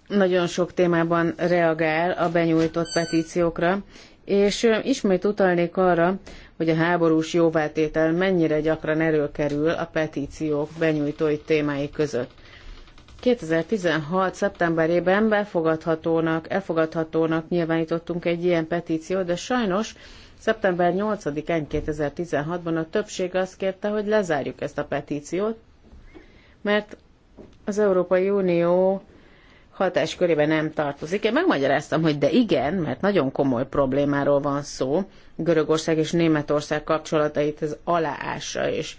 Speaker 4: nagyon sok témában reagál a benyújtott petíciókra, és ismét utalnék arra, hogy a háborús jóváltétel mennyire gyakran erőkerül a petíciók benyújtói témái között. 2016. szeptemberében befogadhatónak, elfogadhatónak nyilvánítottunk egy ilyen petíciót, de sajnos Szeptember 8-án 2016-ban a többség azt kérte, hogy lezárjuk ezt a petíciót, mert az Európai Unió hatáskörébe nem tartozik. Én megmagyaráztam, hogy de igen, mert nagyon komoly problémáról van szó. Görögország és Németország kapcsolatait ez aláássa, és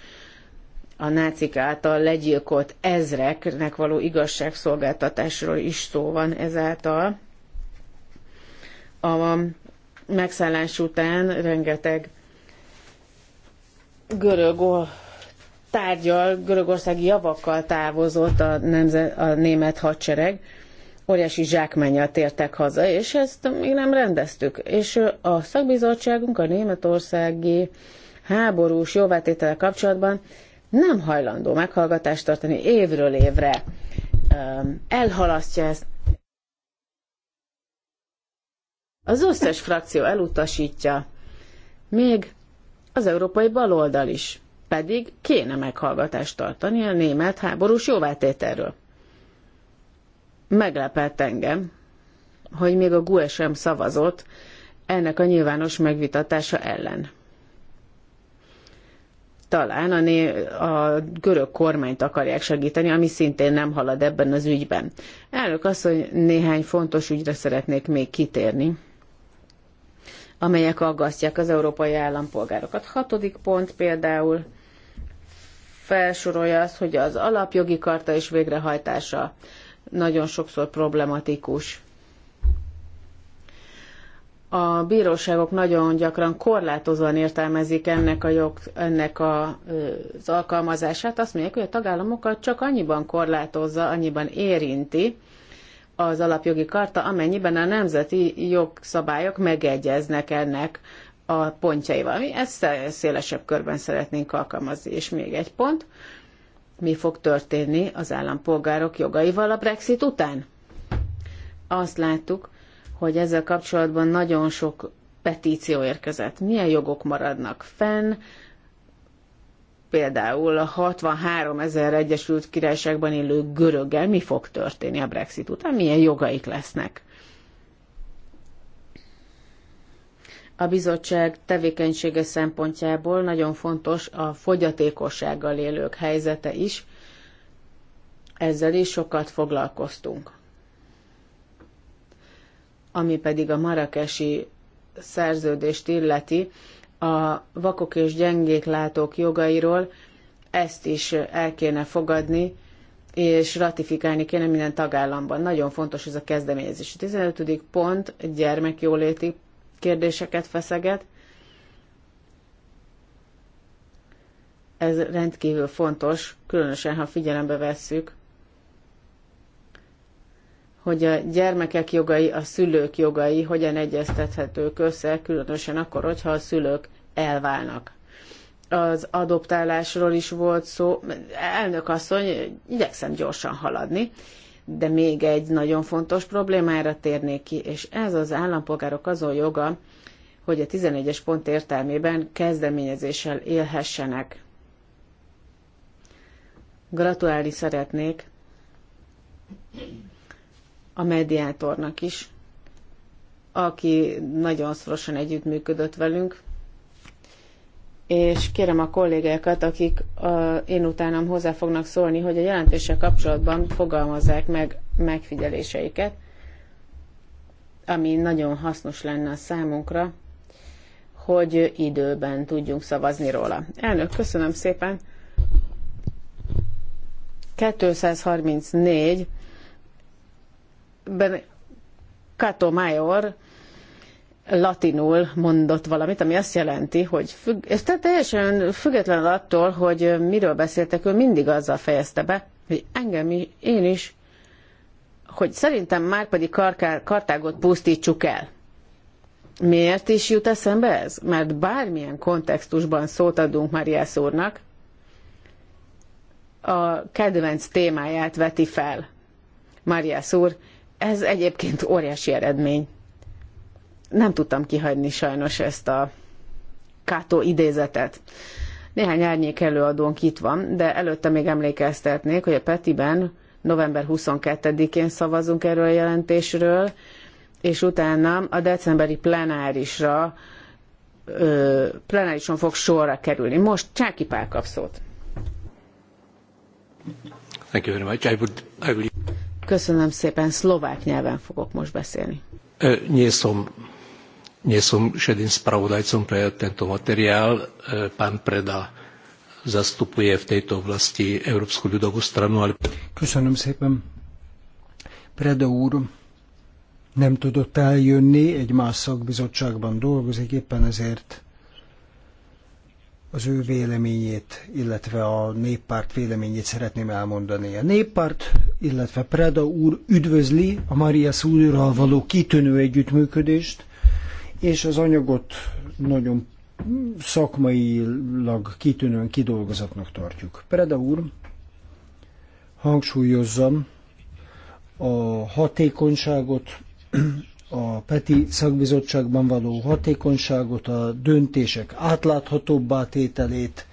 Speaker 4: a nácik által legyilkolt ezreknek való igazságszolgáltatásról is szó van ezáltal. A megszállás után rengeteg görög tárgyal, görögországi javakkal távozott a, nemze, a német hadsereg, óriási zsákmányjal tértek haza, és ezt még nem rendeztük. És a szakbizottságunk a németországi háborús jóvátétele kapcsolatban nem hajlandó meghallgatást tartani évről évre. Elhalasztja ezt, az összes frakció elutasítja, még az európai baloldal is, pedig kéne meghallgatást tartani a német háborús jóváltételről. Meglepett engem, hogy még a GUE sem szavazott ennek a nyilvános megvitatása ellen talán a, né- a görög kormányt akarják segíteni, ami szintén nem halad ebben az ügyben. Elnök azt, hogy néhány fontos ügyre szeretnék még kitérni amelyek aggasztják az európai állampolgárokat. Hatodik pont például felsorolja azt, hogy az alapjogi karta és végrehajtása nagyon sokszor problematikus. A bíróságok nagyon gyakran korlátozóan értelmezik ennek, a jog, ennek a, az alkalmazását. Azt mondják, hogy a tagállamokat csak annyiban korlátozza, annyiban érinti, az alapjogi karta, amennyiben a nemzeti jogszabályok megegyeznek ennek a pontjaival. Mi ezt szélesebb körben szeretnénk alkalmazni. És még egy pont, mi fog történni az állampolgárok jogaival a Brexit után? Azt láttuk, hogy ezzel kapcsolatban nagyon sok petíció érkezett. Milyen jogok maradnak fenn, például a 63 ezer Egyesült Királyságban élő göröggel mi fog történni a Brexit után, milyen jogaik lesznek. A bizottság tevékenysége szempontjából nagyon fontos a fogyatékossággal élők helyzete is, ezzel is sokat foglalkoztunk. Ami pedig a marakesi szerződést illeti, a vakok és gyengék látók jogairól, ezt is el kéne fogadni, és ratifikálni kéne minden tagállamban. Nagyon fontos ez a kezdeményezés. A 15. pont gyermekjóléti kérdéseket feszeget. Ez rendkívül fontos, különösen ha figyelembe vesszük hogy a gyermekek jogai, a szülők jogai hogyan egyeztethetők össze, különösen akkor, hogyha a szülők elválnak. Az adoptálásról is volt szó. Elnök asszony, igyekszem gyorsan haladni, de még egy nagyon fontos problémára térnék ki, és ez az állampolgárok azon joga, hogy a 11-es pont értelmében kezdeményezéssel élhessenek. Gratulálni szeretnék a mediátornak is, aki nagyon szorosan együttműködött velünk, és kérem a kollégákat, akik a, én utánam hozzá fognak szólni, hogy a jelentéssel kapcsolatban fogalmazzák meg megfigyeléseiket, ami nagyon hasznos lenne a számunkra, hogy időben tudjunk szavazni róla. Elnök, köszönöm szépen! 234 ben Cato Major latinul mondott valamit, ami azt jelenti, hogy függ, és tehát teljesen független attól, hogy miről beszéltek, ő mindig azzal fejezte be, hogy engem is, én is, hogy szerintem már pedig Kartágot pusztítsuk el. Miért is jut eszembe ez? Mert bármilyen kontextusban szót adunk Mariász úrnak, a kedvenc témáját veti fel. Mariász úr ez egyébként óriási eredmény. Nem tudtam kihagyni sajnos ezt a Kátó idézetet. Néhány árnyék előadónk itt van, de előtte még emlékeztetnék, hogy a Petiben november 22-én szavazunk erről a jelentésről, és utána a decemberi plenárisra ö, plenárison fog sorra kerülni. Most Csáki Pál kap szót.
Speaker 3: Thank you very much. I would, I would...
Speaker 4: Köszönöm szépen, szlovák nyelven fogok most beszélni.
Speaker 2: Nie som, nie som šedým spravodajcom pre tento materiál. Pán Preda zastupuje v tejto oblasti Európsku ľudovú stranu. Ale...
Speaker 5: Köszönöm szépen. Preda úr nem tudott eljönni, egy más szakbizottságban dolgozik, éppen ezért az ő véleményét, illetve a néppárt véleményét szeretném elmondani. A néppárt, illetve Preda úr üdvözli a Maria úrral való kitűnő együttműködést, és az anyagot nagyon szakmailag kitűnően kidolgozatnak tartjuk. Preda úr, hangsúlyozzam, a hatékonyságot a PETI szakbizottságban való hatékonyságot, a döntések átláthatóbbá tételét.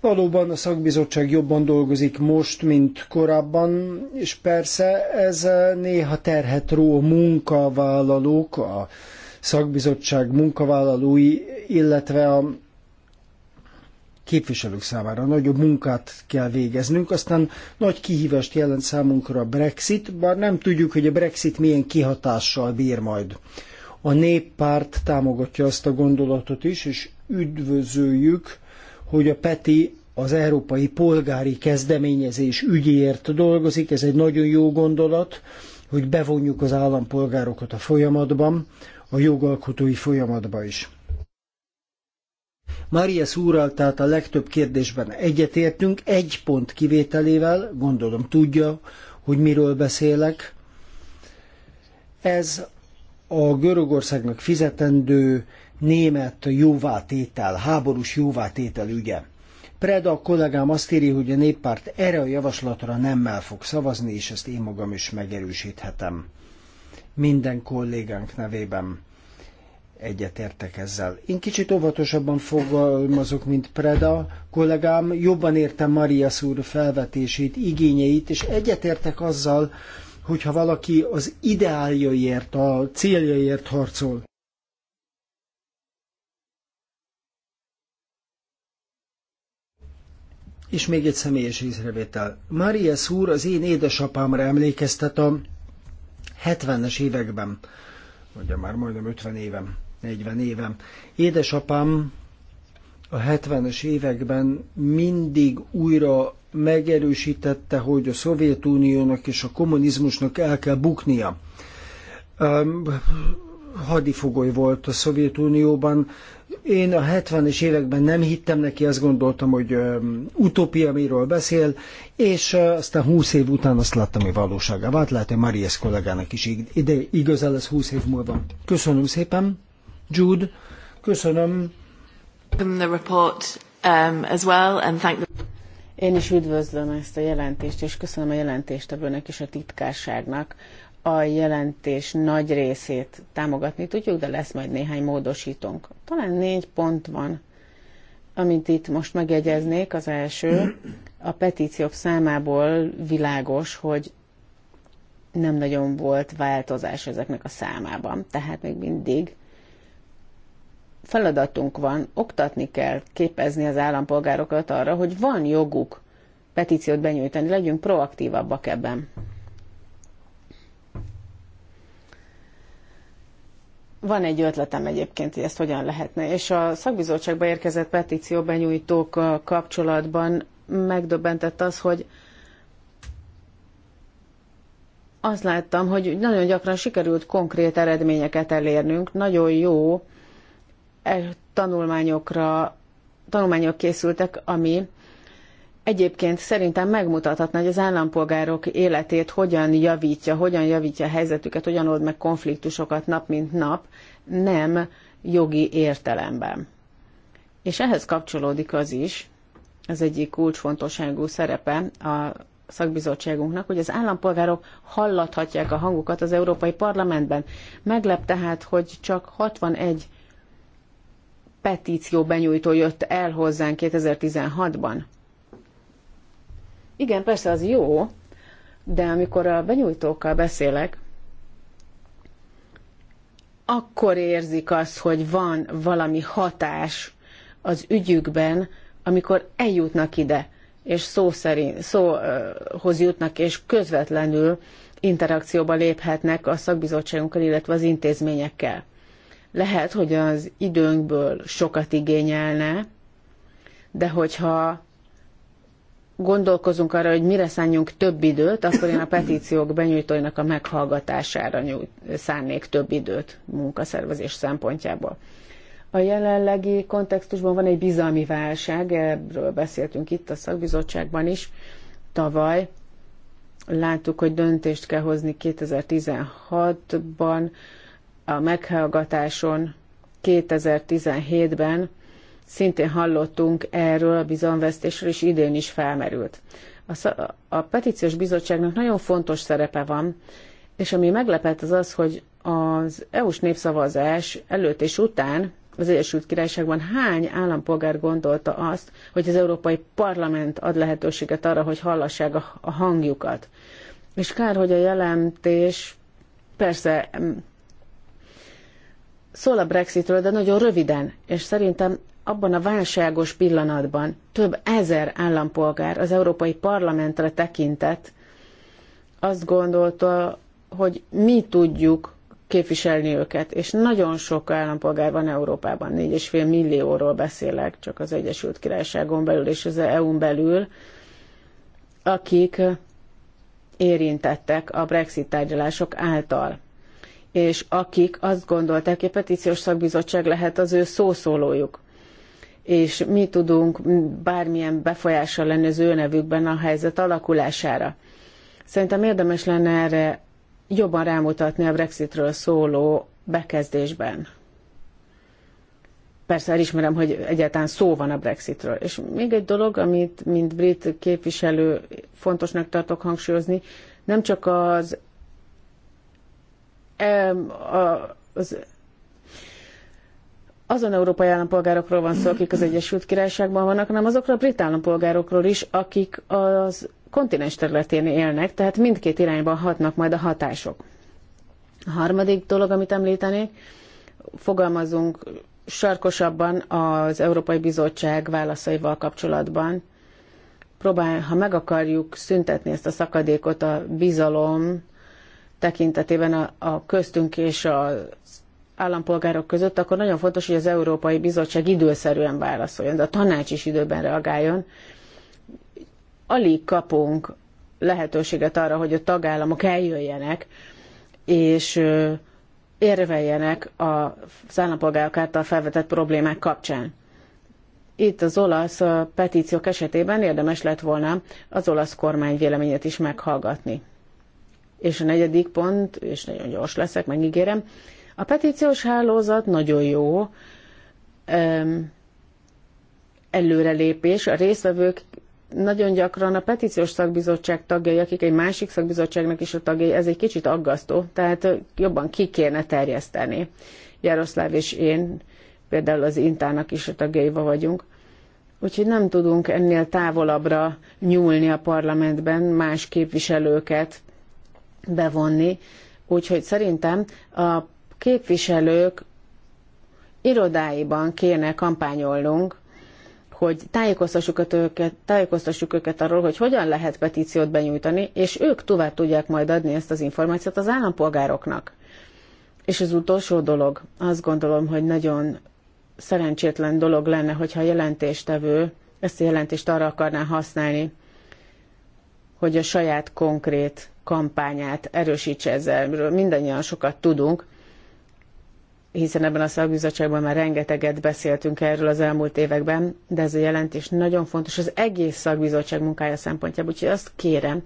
Speaker 5: Valóban a szakbizottság jobban dolgozik most, mint korábban, és persze ez néha terhet ró a munkavállalók, a szakbizottság munkavállalói, illetve a képviselők számára nagyobb munkát kell végeznünk, aztán nagy kihívást jelent számunkra a Brexit, bár nem tudjuk, hogy a Brexit milyen kihatással bír majd. A néppárt támogatja azt a gondolatot is, és üdvözöljük, hogy a Peti az Európai Polgári Kezdeményezés ügyért dolgozik, ez egy nagyon jó gondolat, hogy bevonjuk az állampolgárokat a folyamatban, a jogalkotói folyamatban is. Mária úrral tehát a legtöbb kérdésben egyetértünk, egy pont kivételével, gondolom tudja, hogy miről beszélek. Ez a Görögországnak fizetendő német jóvátétel, háborús jóvátétel ügye. Preda kollégám azt írja, hogy a néppárt erre a javaslatra nemmel fog szavazni, és ezt én magam is megerősíthetem. Minden kollégánk nevében egyetértek ezzel. Én kicsit óvatosabban fogalmazok, mint Preda kollégám, jobban értem Maria úr felvetését, igényeit, és egyetértek azzal, hogyha valaki az ideáljaiért, a céljaiért harcol. És még egy személyes észrevétel. Maria úr az én édesapámra emlékeztet a 70-es években, mondja már majdnem 50 évem 40 évem. Édesapám a 70-es években mindig újra megerősítette, hogy a Szovjetuniónak és a kommunizmusnak el kell buknia. Hadifogoly volt a Szovjetunióban. Én a 70-es években nem hittem neki, azt gondoltam, hogy utópia miről beszél, és aztán 20 év után azt láttam, hogy valóságá vált. Lehet, hogy Marias kollégának is ide, igazán lesz 20 év múlva. Köszönöm szépen! Jude, köszönöm.
Speaker 1: The report, um, as well, and thank the...
Speaker 4: Én is üdvözlöm ezt a jelentést, és köszönöm a jelentést ebből és a titkárságnak. A jelentés nagy részét támogatni tudjuk, de lesz majd néhány módosítónk. Talán négy pont van, amit itt most megjegyeznék. Az első, a petíciók számából világos, hogy nem nagyon volt változás ezeknek a számában. Tehát még mindig feladatunk van, oktatni kell, képezni az állampolgárokat arra, hogy van joguk petíciót benyújtani, legyünk proaktívabbak ebben. Van egy ötletem egyébként, hogy ezt hogyan lehetne, és a szakbizottságba érkezett petíció benyújtók kapcsolatban megdöbbentett az, hogy azt láttam, hogy nagyon gyakran sikerült konkrét eredményeket elérnünk, nagyon jó E tanulmányokra, tanulmányok készültek, ami egyébként szerintem megmutathatna, hogy az állampolgárok életét hogyan javítja, hogyan javítja a helyzetüket, hogyan old meg konfliktusokat nap mint nap, nem jogi értelemben. És ehhez kapcsolódik az is, az egyik kulcsfontosságú szerepe a szakbizottságunknak, hogy az állampolgárok hallathatják a hangukat az Európai Parlamentben. Meglep tehát, hogy csak 61 petíció benyújtó jött el hozzánk 2016-ban. Igen, persze az jó, de amikor a benyújtókkal beszélek, akkor érzik azt, hogy van valami hatás az ügyükben, amikor eljutnak ide, és szó szerint, szóhoz jutnak, és közvetlenül interakcióba léphetnek a szakbizottságunkkal, illetve az intézményekkel. Lehet, hogy az időnkből sokat igényelne, de hogyha gondolkozunk arra, hogy mire szánjunk több időt, akkor én a petíciók benyújtóinak a meghallgatására nyújt, szánnék több időt munkaszervezés szempontjából. A jelenlegi kontextusban van egy bizalmi válság, erről beszéltünk itt a szakbizottságban is tavaly. Láttuk, hogy döntést kell hozni 2016-ban a meghallgatáson 2017-ben szintén hallottunk erről a bizonvesztésről, és idén is felmerült. A, a petíciós bizottságnak nagyon fontos szerepe van, és ami meglepett az az, hogy az EU-s népszavazás előtt és után az Egyesült Királyságban hány állampolgár gondolta azt, hogy az Európai Parlament ad lehetőséget arra, hogy hallassák a hangjukat. És kár, hogy a jelentés persze szól a Brexitről, de nagyon röviden, és szerintem abban a válságos pillanatban több ezer állampolgár az Európai Parlamentre tekintett, azt gondolta, hogy mi tudjuk képviselni őket, és nagyon sok állampolgár van Európában, 4,5 millióról beszélek, csak az Egyesült Királyságon belül és az EU-n belül, akik érintettek a Brexit tárgyalások által és akik azt gondolták, hogy a petíciós szakbizottság lehet az ő szószólójuk. És mi tudunk bármilyen befolyással lenni az ő nevükben a helyzet alakulására. Szerintem érdemes lenne erre jobban rámutatni a Brexitről szóló bekezdésben. Persze elismerem, hogy egyáltalán szó van a Brexitről. És még egy dolog, amit mint brit képviselő fontosnak tartok hangsúlyozni, nem csak az az, azon európai állampolgárokról van szó, akik az Egyesült Királyságban vannak, hanem azokról a brit állampolgárokról is, akik az kontinens területén élnek, tehát mindkét irányban hatnak majd a hatások. A harmadik dolog, amit említenék, fogalmazunk sarkosabban az Európai Bizottság válaszaival kapcsolatban. Próbál, ha meg akarjuk szüntetni ezt a szakadékot a bizalom tekintetében a, a köztünk és az állampolgárok között, akkor nagyon fontos, hogy az Európai Bizottság időszerűen válaszoljon, de a tanács is időben reagáljon. Alig kapunk lehetőséget arra, hogy a tagállamok eljöjjenek, és érveljenek az állampolgárok által felvetett problémák kapcsán. Itt az olasz petíciók esetében érdemes lett volna az olasz kormány véleményét is meghallgatni. És a negyedik pont, és nagyon gyors leszek, megígérem, a petíciós hálózat nagyon jó előrelépés. A részvevők nagyon gyakran a petíciós szakbizottság tagjai, akik egy másik szakbizottságnak is a tagjai, ez egy kicsit aggasztó, tehát jobban ki kéne terjeszteni. Jaroszláv és én például az Intának is a tagjaiba vagyunk. Úgyhogy nem tudunk ennél távolabbra nyúlni a parlamentben, más képviselőket bevonni, úgyhogy szerintem a képviselők irodáiban kéne kampányolnunk, hogy tájékoztassuk őket, tájékoztassuk őket arról, hogy hogyan lehet petíciót benyújtani, és ők tovább tudják majd adni ezt az információt az állampolgároknak. És az utolsó dolog, azt gondolom, hogy nagyon szerencsétlen dolog lenne, hogyha a jelentéstevő ezt a jelentést arra akarná használni, hogy a saját konkrét kampányát erősítse ezzel. Mindannyian sokat tudunk, hiszen ebben a szakbizottságban már rengeteget beszéltünk erről az elmúlt években, de ez a jelentés nagyon fontos az egész szakbizottság munkája szempontjából, úgyhogy azt kérem,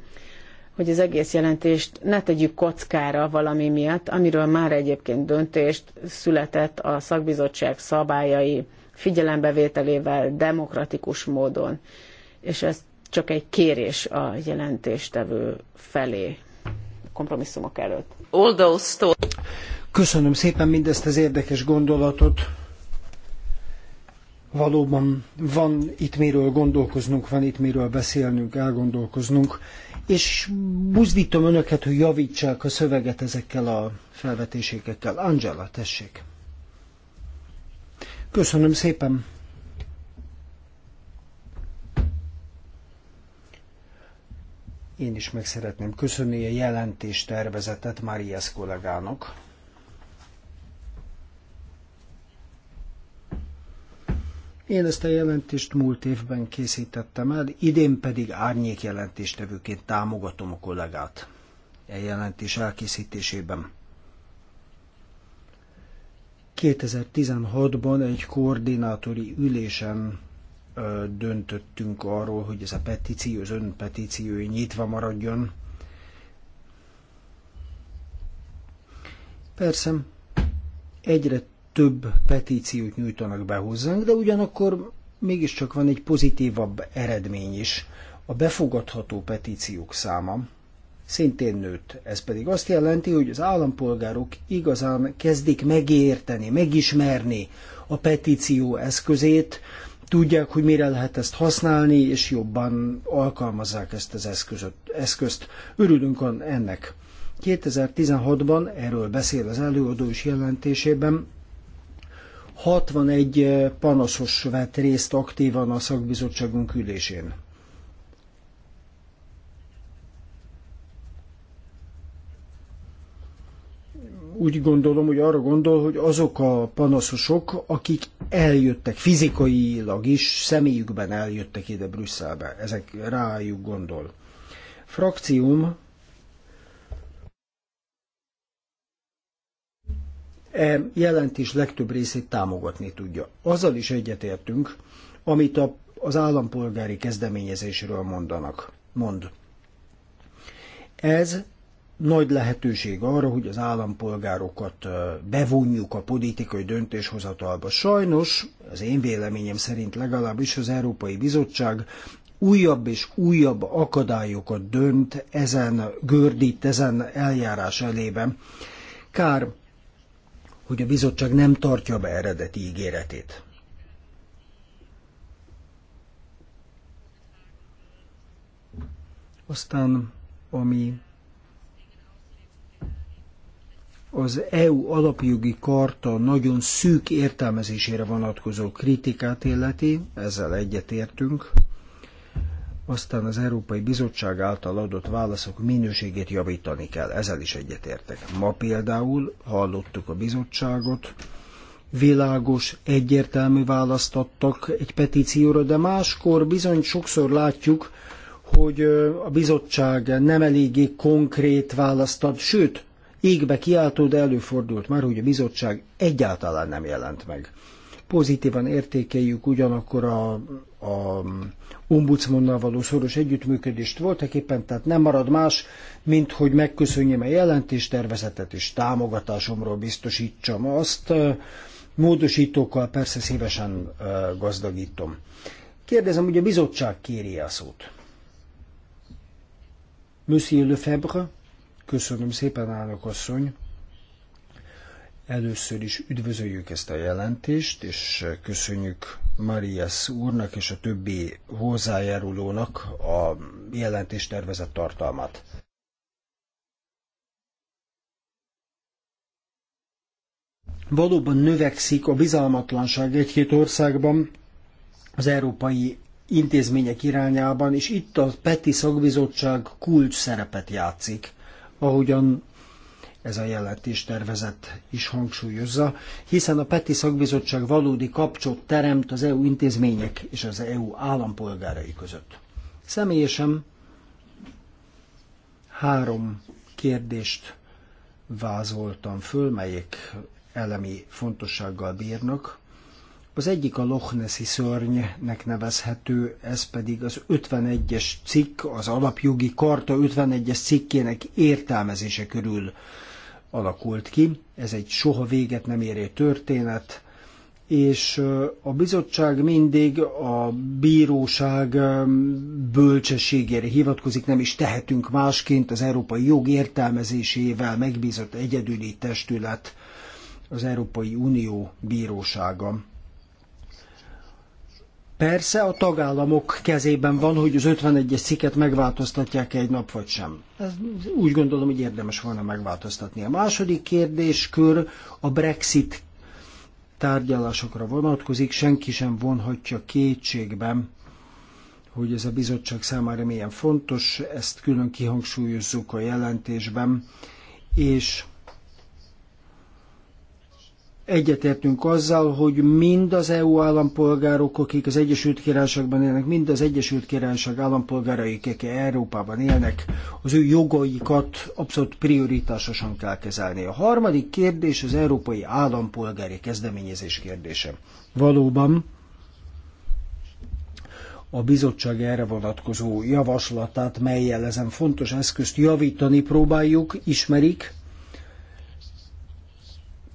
Speaker 4: hogy az egész jelentést ne tegyük kockára valami miatt, amiről már egyébként döntést született a szakbizottság szabályai figyelembevételével, demokratikus módon. És ezt csak egy kérés a jelentéstevő felé kompromisszumok előtt.
Speaker 5: Köszönöm szépen mindezt az érdekes gondolatot. Valóban van itt miről gondolkoznunk, van itt miről beszélnünk, elgondolkoznunk, és buzdítom önöket, hogy javítsák a szöveget ezekkel a felvetésekkel. Angela, tessék! Köszönöm szépen! Én is meg szeretném köszönni a jelentés tervezetet Marias kollégának. Én ezt a jelentést múlt évben készítettem el, idén pedig árnyék jelentéstevőként támogatom a kollégát e jelentés elkészítésében. 2016-ban egy koordinátori ülésen döntöttünk arról, hogy ez a petíció, az ön petíció nyitva maradjon. Persze, egyre több petíciót nyújtanak be hozzánk, de ugyanakkor mégiscsak van egy pozitívabb eredmény is. A befogadható petíciók száma szintén nőtt. Ez pedig azt jelenti, hogy az állampolgárok igazán kezdik megérteni, megismerni a petíció eszközét, tudják, hogy mire lehet ezt használni, és jobban alkalmazzák ezt az eszközöt, eszközt. Örülünk ennek. 2016-ban, erről beszél az előadó is jelentésében, 61 eh, panaszos vett részt aktívan a szakbizottságunk ülésén. úgy gondolom, hogy arra gondol, hogy azok a panaszosok, akik eljöttek fizikailag is, személyükben eljöttek ide Brüsszelbe, ezek rájuk gondol. Frakcióm e jelentés legtöbb részét támogatni tudja. Azzal is egyetértünk, amit a, az állampolgári kezdeményezésről mondanak. Mond. Ez nagy lehetőség arra, hogy az állampolgárokat bevonjuk a politikai döntéshozatalba. Sajnos, az én véleményem szerint legalábbis az Európai Bizottság újabb és újabb akadályokat dönt ezen, gördít ezen eljárás elében. Kár, hogy a bizottság nem tartja be eredeti ígéretét. Aztán, ami az EU alapjogi karta nagyon szűk értelmezésére vonatkozó kritikát illeti, ezzel egyetértünk, aztán az Európai Bizottság által adott válaszok minőségét javítani kell, ezzel is egyetértek. Ma például hallottuk a bizottságot, világos, egyértelmű választ adtak egy petícióra, de máskor bizony sokszor látjuk, hogy a bizottság nem eléggé konkrét választ ad, sőt, égbe kiáltó, de előfordult már, hogy a bizottság egyáltalán nem jelent meg. Pozitívan értékeljük ugyanakkor a, a ombudsmannal való szoros együttműködést voltak éppen, tehát nem marad más, mint hogy megköszönjem a jelentéstervezetet és támogatásomról biztosítsam azt, módosítókkal persze szívesen gazdagítom. Kérdezem, hogy a bizottság kéri a szót. Monsieur Lefebvre, Köszönöm szépen, állok asszony. Először is üdvözöljük ezt a jelentést, és köszönjük Marias úrnak és a többi hozzájárulónak a jelentés tervezett tartalmat. Valóban növekszik a bizalmatlanság egy-két országban az európai intézmények irányában, és itt a PETI szakbizottság kulcs szerepet játszik ahogyan ez a jelentés tervezett is hangsúlyozza, hiszen a PETI szakbizottság valódi kapcsot teremt az EU intézmények és az EU állampolgárai között. Személyesen három kérdést vázoltam föl, melyek elemi fontossággal bírnak. Az egyik a Loch Nessi szörnynek nevezhető, ez pedig az 51-es cikk, az alapjogi karta 51-es cikkének értelmezése körül alakult ki. Ez egy soha véget nem érő történet, és a bizottság mindig a bíróság bölcsességére hivatkozik, nem is tehetünk másként az európai jog értelmezésével megbízott egyedüli testület, az Európai Unió bírósága. Persze a tagállamok kezében van, hogy az 51-es cikket megváltoztatják -e egy nap vagy sem. Ez úgy gondolom, hogy érdemes volna megváltoztatni. A második kérdéskör a Brexit tárgyalásokra vonatkozik, senki sem vonhatja kétségben, hogy ez a bizottság számára milyen fontos, ezt külön kihangsúlyozzuk a jelentésben, és egyetértünk azzal, hogy mind az EU állampolgárok, akik az Egyesült Királyságban élnek, mind az Egyesült Királyság állampolgárai, akik Európában élnek, az ő jogaikat abszolút prioritásosan kell kezelni. A harmadik kérdés az európai állampolgári kezdeményezés kérdése. Valóban a bizottság erre vonatkozó javaslatát, melyel ezen fontos eszközt javítani próbáljuk, ismerik,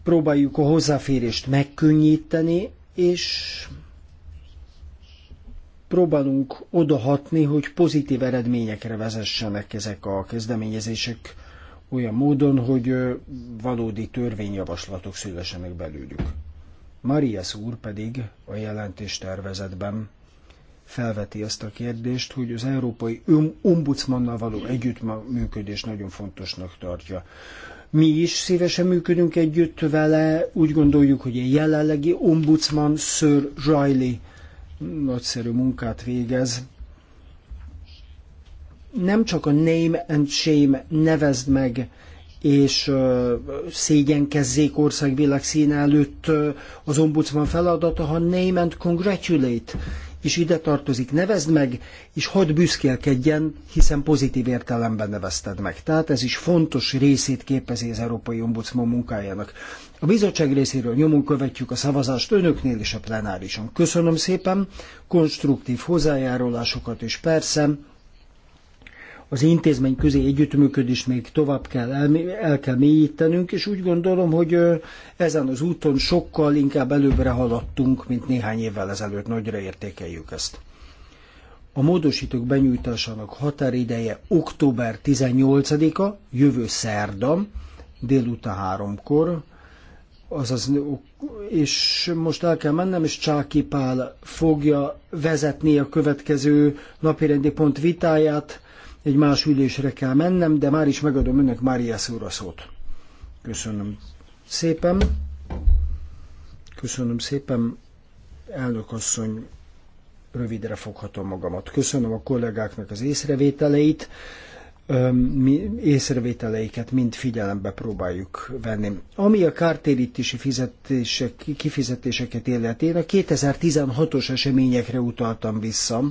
Speaker 5: próbáljuk a hozzáférést megkönnyíteni, és próbálunk odahatni, hogy pozitív eredményekre vezessenek ezek a kezdeményezések olyan módon, hogy valódi törvényjavaslatok szülesenek belőlük. Maria úr pedig a jelentés tervezetben felveti azt a kérdést, hogy az európai ombudsmannal való együttműködés nagyon fontosnak tartja. Mi is szívesen működünk együtt vele, úgy gondoljuk, hogy a jelenlegi ombudsman Sir Riley nagyszerű munkát végez. Nem csak a name and shame nevezd meg, és uh, szégyenkezzék országvilág színe előtt uh, az ombudsman feladata, ha name and congratulate is ide tartozik, nevezd meg, és hadd büszkélkedjen, hiszen pozitív értelemben nevezted meg. Tehát ez is fontos részét képezi az Európai Ombudsman munkájának. A bizottság részéről nyomon követjük a szavazást önöknél és a plenárison. Köszönöm szépen, konstruktív hozzájárulásokat, és persze az intézmény közé együttműködést még tovább kell, el, el kell mélyítenünk, és úgy gondolom, hogy ezen az úton sokkal inkább előbbre haladtunk, mint néhány évvel ezelőtt. Nagyra értékeljük ezt. A módosítók benyújtásának határideje október 18-a, jövő szerda, délután háromkor, azaz, és most el kell mennem, és Csáki Pál fogja vezetni a következő napirendi pont vitáját, egy más ülésre kell mennem, de már is megadom önnek Máriász úr a szót. Köszönöm szépen. Köszönöm szépen, elnök asszony, rövidre foghatom magamat. Köszönöm a kollégáknak az észrevételeit, mi észrevételeiket mind figyelembe próbáljuk venni. Ami a kártérítési fizetések, kifizetéseket illeti, én a 2016-os eseményekre utaltam vissza,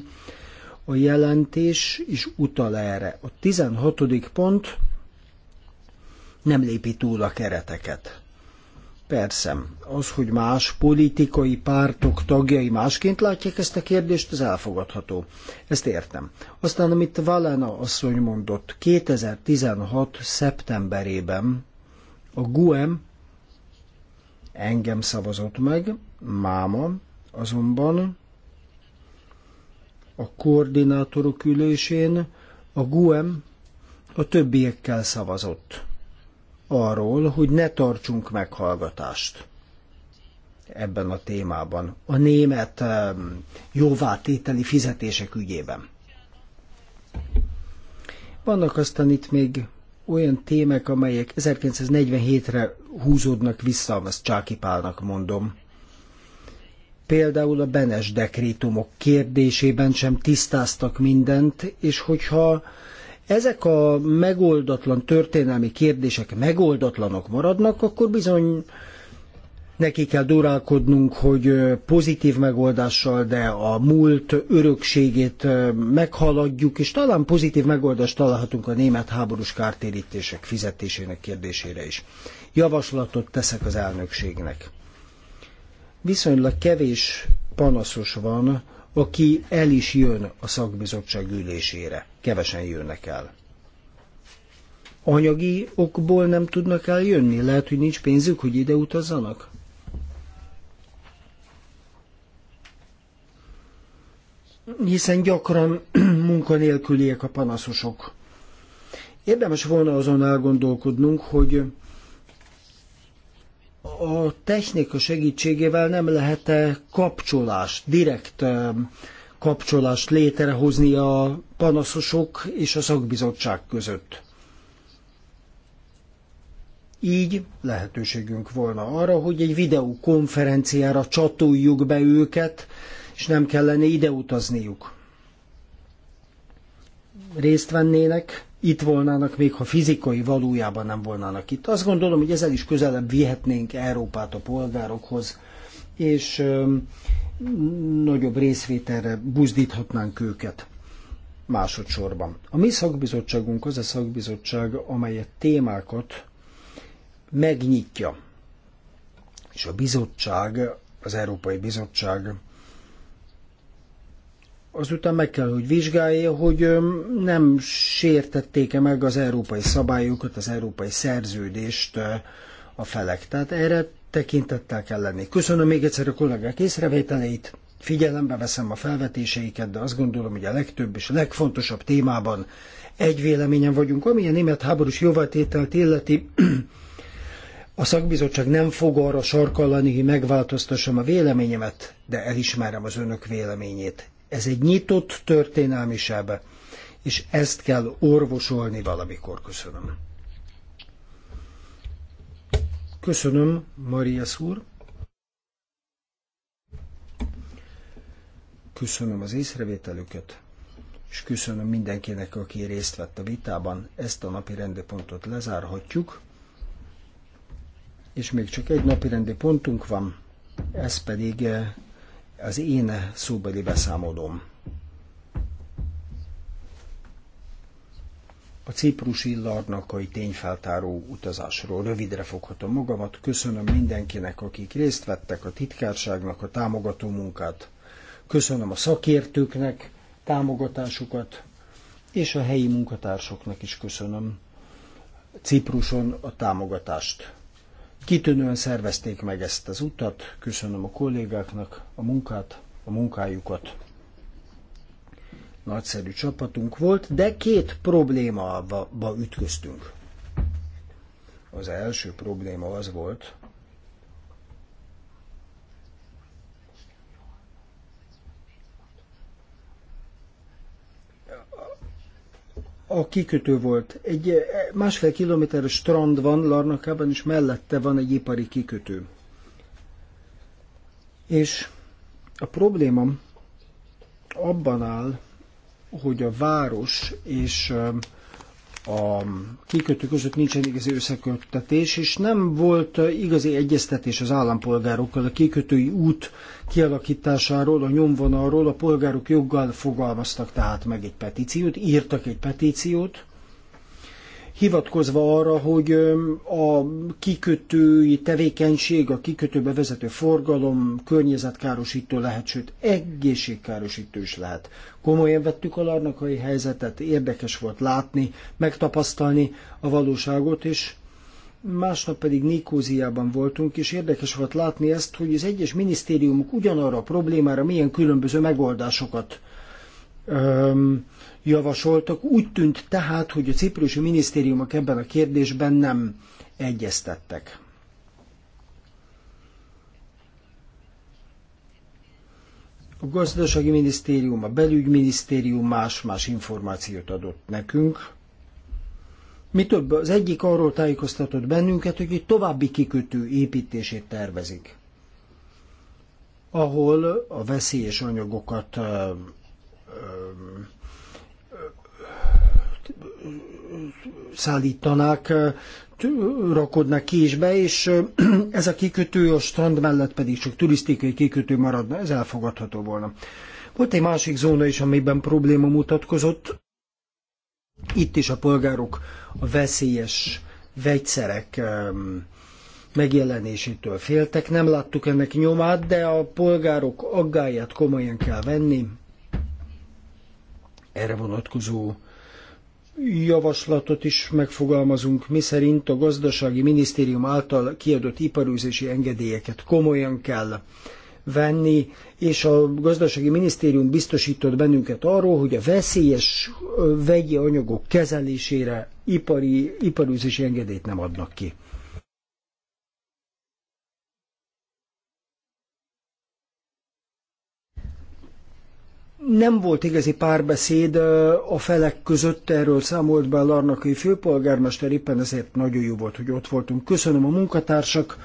Speaker 5: a jelentés is utal erre. A 16. pont nem lépi túl a kereteket. Persze, az, hogy más politikai pártok tagjai másként látják ezt a kérdést, az elfogadható. Ezt értem. Aztán, amit Valena asszony mondott, 2016. szeptemberében a GUEM engem szavazott meg, máma azonban a koordinátorok ülésén a GUEM a többiekkel szavazott arról, hogy ne tartsunk meghallgatást ebben a témában, a német jóvátételi fizetések ügyében. Vannak aztán itt még olyan témák, amelyek 1947-re húzódnak vissza, azt Csáki Pálnak mondom. Például a Benes dekrétumok kérdésében sem tisztáztak mindent, és hogyha ezek a megoldatlan történelmi kérdések megoldatlanok maradnak, akkor bizony neki kell durálkodnunk, hogy pozitív megoldással, de a múlt örökségét meghaladjuk, és talán pozitív megoldást találhatunk a német háborús kártérítések fizetésének kérdésére is. Javaslatot teszek az elnökségnek viszonylag kevés panaszos van, aki el is jön a szakbizottság ülésére. Kevesen jönnek el. Anyagi okból nem tudnak eljönni? Lehet, hogy nincs pénzük, hogy ide utazzanak? Hiszen gyakran munkanélküliek a panaszosok. Érdemes volna azon elgondolkodnunk, hogy a technika segítségével nem lehet -e eh, kapcsolást, direkt eh, kapcsolást létrehozni a panaszosok és a szakbizottság között. Így lehetőségünk volna arra, hogy egy videokonferenciára csatoljuk be őket, és nem kellene ide utazniuk. Részt vennének itt volnának, még ha fizikai valójában nem volnának itt. Azt gondolom, hogy ezzel is közelebb vihetnénk Európát a polgárokhoz, és nagyobb részvételre buzdíthatnánk őket másodszorban. A mi szakbizottságunk az a szakbizottság, amely a témákat megnyitja. És a bizottság, az Európai Bizottság azután meg kell, hogy vizsgálja, hogy nem sértették-e meg az európai szabályokat, az európai szerződést a felek. Tehát erre tekintettel kell lenni. Köszönöm még egyszer a kollégák észrevételeit, figyelembe veszem a felvetéseiket, de azt gondolom, hogy a legtöbb és a legfontosabb témában egy véleményen vagyunk. Ami a német háborús jóvátételt illeti, a szakbizottság nem fog arra sarkallani, hogy megváltoztassam a véleményemet, de elismerem az önök véleményét. Ez egy nyitott történelmi sebe, és ezt kell orvosolni valamikor. Köszönöm. Köszönöm, Maria úr. Köszönöm az észrevételüket, és köszönöm mindenkinek, aki részt vett a vitában. Ezt a napi rendepontot lezárhatjuk, és még csak egy napi rendi pontunk van, ez pedig eh, az én szóbeli beszámolom. a ciprusi larnakai tényfeltáró utazásról. Rövidre foghatom magamat. Köszönöm mindenkinek, akik részt vettek, a titkárságnak a támogató munkát. Köszönöm a szakértőknek támogatásukat, és a helyi munkatársoknak is köszönöm Cipruson a támogatást. Kitűnően szervezték meg ezt az utat, köszönöm a kollégáknak a munkát, a munkájukat. Nagyszerű csapatunk volt, de két problémába ütköztünk. Az első probléma az volt, a kikötő volt. Egy eh, másfél kilométeres strand van Larnakában, és mellette van egy ipari kikötő. És a probléma abban áll, hogy a város és eh, a kikötő között nincsen igazi összeköttetés, és nem volt igazi egyeztetés az állampolgárokkal a kikötői út kialakításáról, a nyomvonalról, a polgárok joggal fogalmaztak tehát meg egy petíciót, írtak egy petíciót, hivatkozva arra, hogy a kikötői tevékenység, a kikötőbe vezető forgalom környezetkárosító lehet, sőt egészségkárosító is lehet. Komolyan vettük a larnakai helyzetet, érdekes volt látni, megtapasztalni a valóságot, és másnap pedig Nikóziában voltunk, és érdekes volt látni ezt, hogy az egyes minisztériumok ugyanarra a problémára milyen különböző megoldásokat javasoltak. Úgy tűnt tehát, hogy a ciprusi minisztériumok ebben a kérdésben nem egyeztettek. A gazdasági minisztérium, a belügyminisztérium más-más információt adott nekünk. Mi több, az egyik arról tájékoztatott bennünket, hogy egy további kikötő építését tervezik, ahol a veszélyes anyagokat szállítanák, rakodnak ki és be, és ez a kikötő a strand mellett pedig csak turisztikai kikötő maradna, ez elfogadható volna. Volt egy másik zóna is, amiben probléma mutatkozott. Itt is a polgárok a veszélyes vegyszerek megjelenésétől féltek. Nem láttuk ennek nyomát, de a polgárok aggáját komolyan kell venni erre vonatkozó javaslatot is megfogalmazunk, miszerint a gazdasági minisztérium által kiadott iparűzési engedélyeket komolyan kell venni, és a gazdasági minisztérium biztosított bennünket arról, hogy a veszélyes vegyi anyagok kezelésére ipari, iparűzési engedélyt nem adnak ki. nem volt igazi párbeszéd a felek között, erről számolt be a Larnakai főpolgármester, éppen ezért nagyon jó volt, hogy ott voltunk. Köszönöm a munkatársak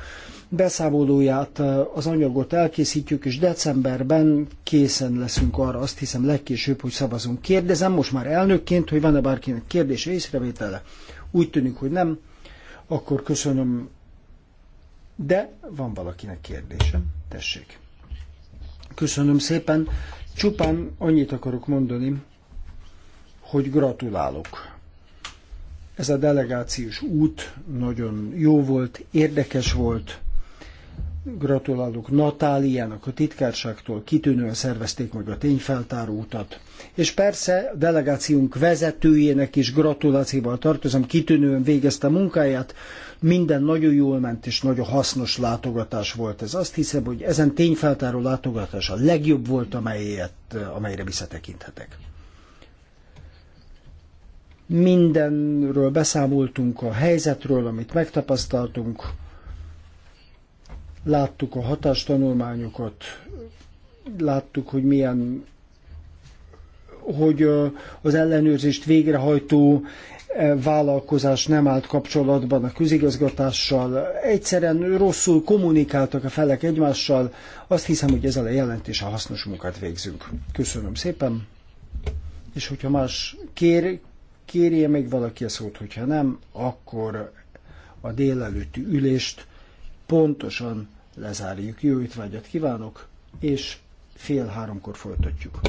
Speaker 5: beszámolóját, az anyagot elkészítjük, és decemberben készen leszünk arra, azt hiszem legkésőbb, hogy szavazunk. Kérdezem most már elnökként, hogy van-e bárkinek kérdése, észrevétele. Úgy tűnik, hogy nem, akkor köszönöm. De van valakinek kérdése? Tessék. Köszönöm szépen. Csupán annyit akarok mondani, hogy gratulálok. Ez a delegációs út nagyon jó volt, érdekes volt, Gratulálok Natáliának a titkárságtól, kitűnően szervezték meg a tényfeltáró utat. És persze delegációnk vezetőjének is gratulációval tartozom, kitűnően végezte a munkáját, minden nagyon jól ment és nagyon hasznos látogatás volt ez. Azt hiszem, hogy ezen tényfeltáró látogatás a legjobb volt, amelyet, amelyre visszatekinthetek. Mindenről beszámoltunk a helyzetről, amit megtapasztaltunk, Láttuk a hatástanulmányokat, láttuk, hogy milyen hogy az ellenőrzést végrehajtó vállalkozás nem állt kapcsolatban a közigazgatással, egyszerűen rosszul kommunikáltak a felek egymással. Azt hiszem, hogy ezzel a jelentéssel hasznos munkát végzünk. Köszönöm szépen, és hogyha más kér, kérje még valaki a szót, hogyha nem, akkor a délelőtti ülést pontosan lezárjuk. Jó étvágyat kívánok, és fél háromkor folytatjuk.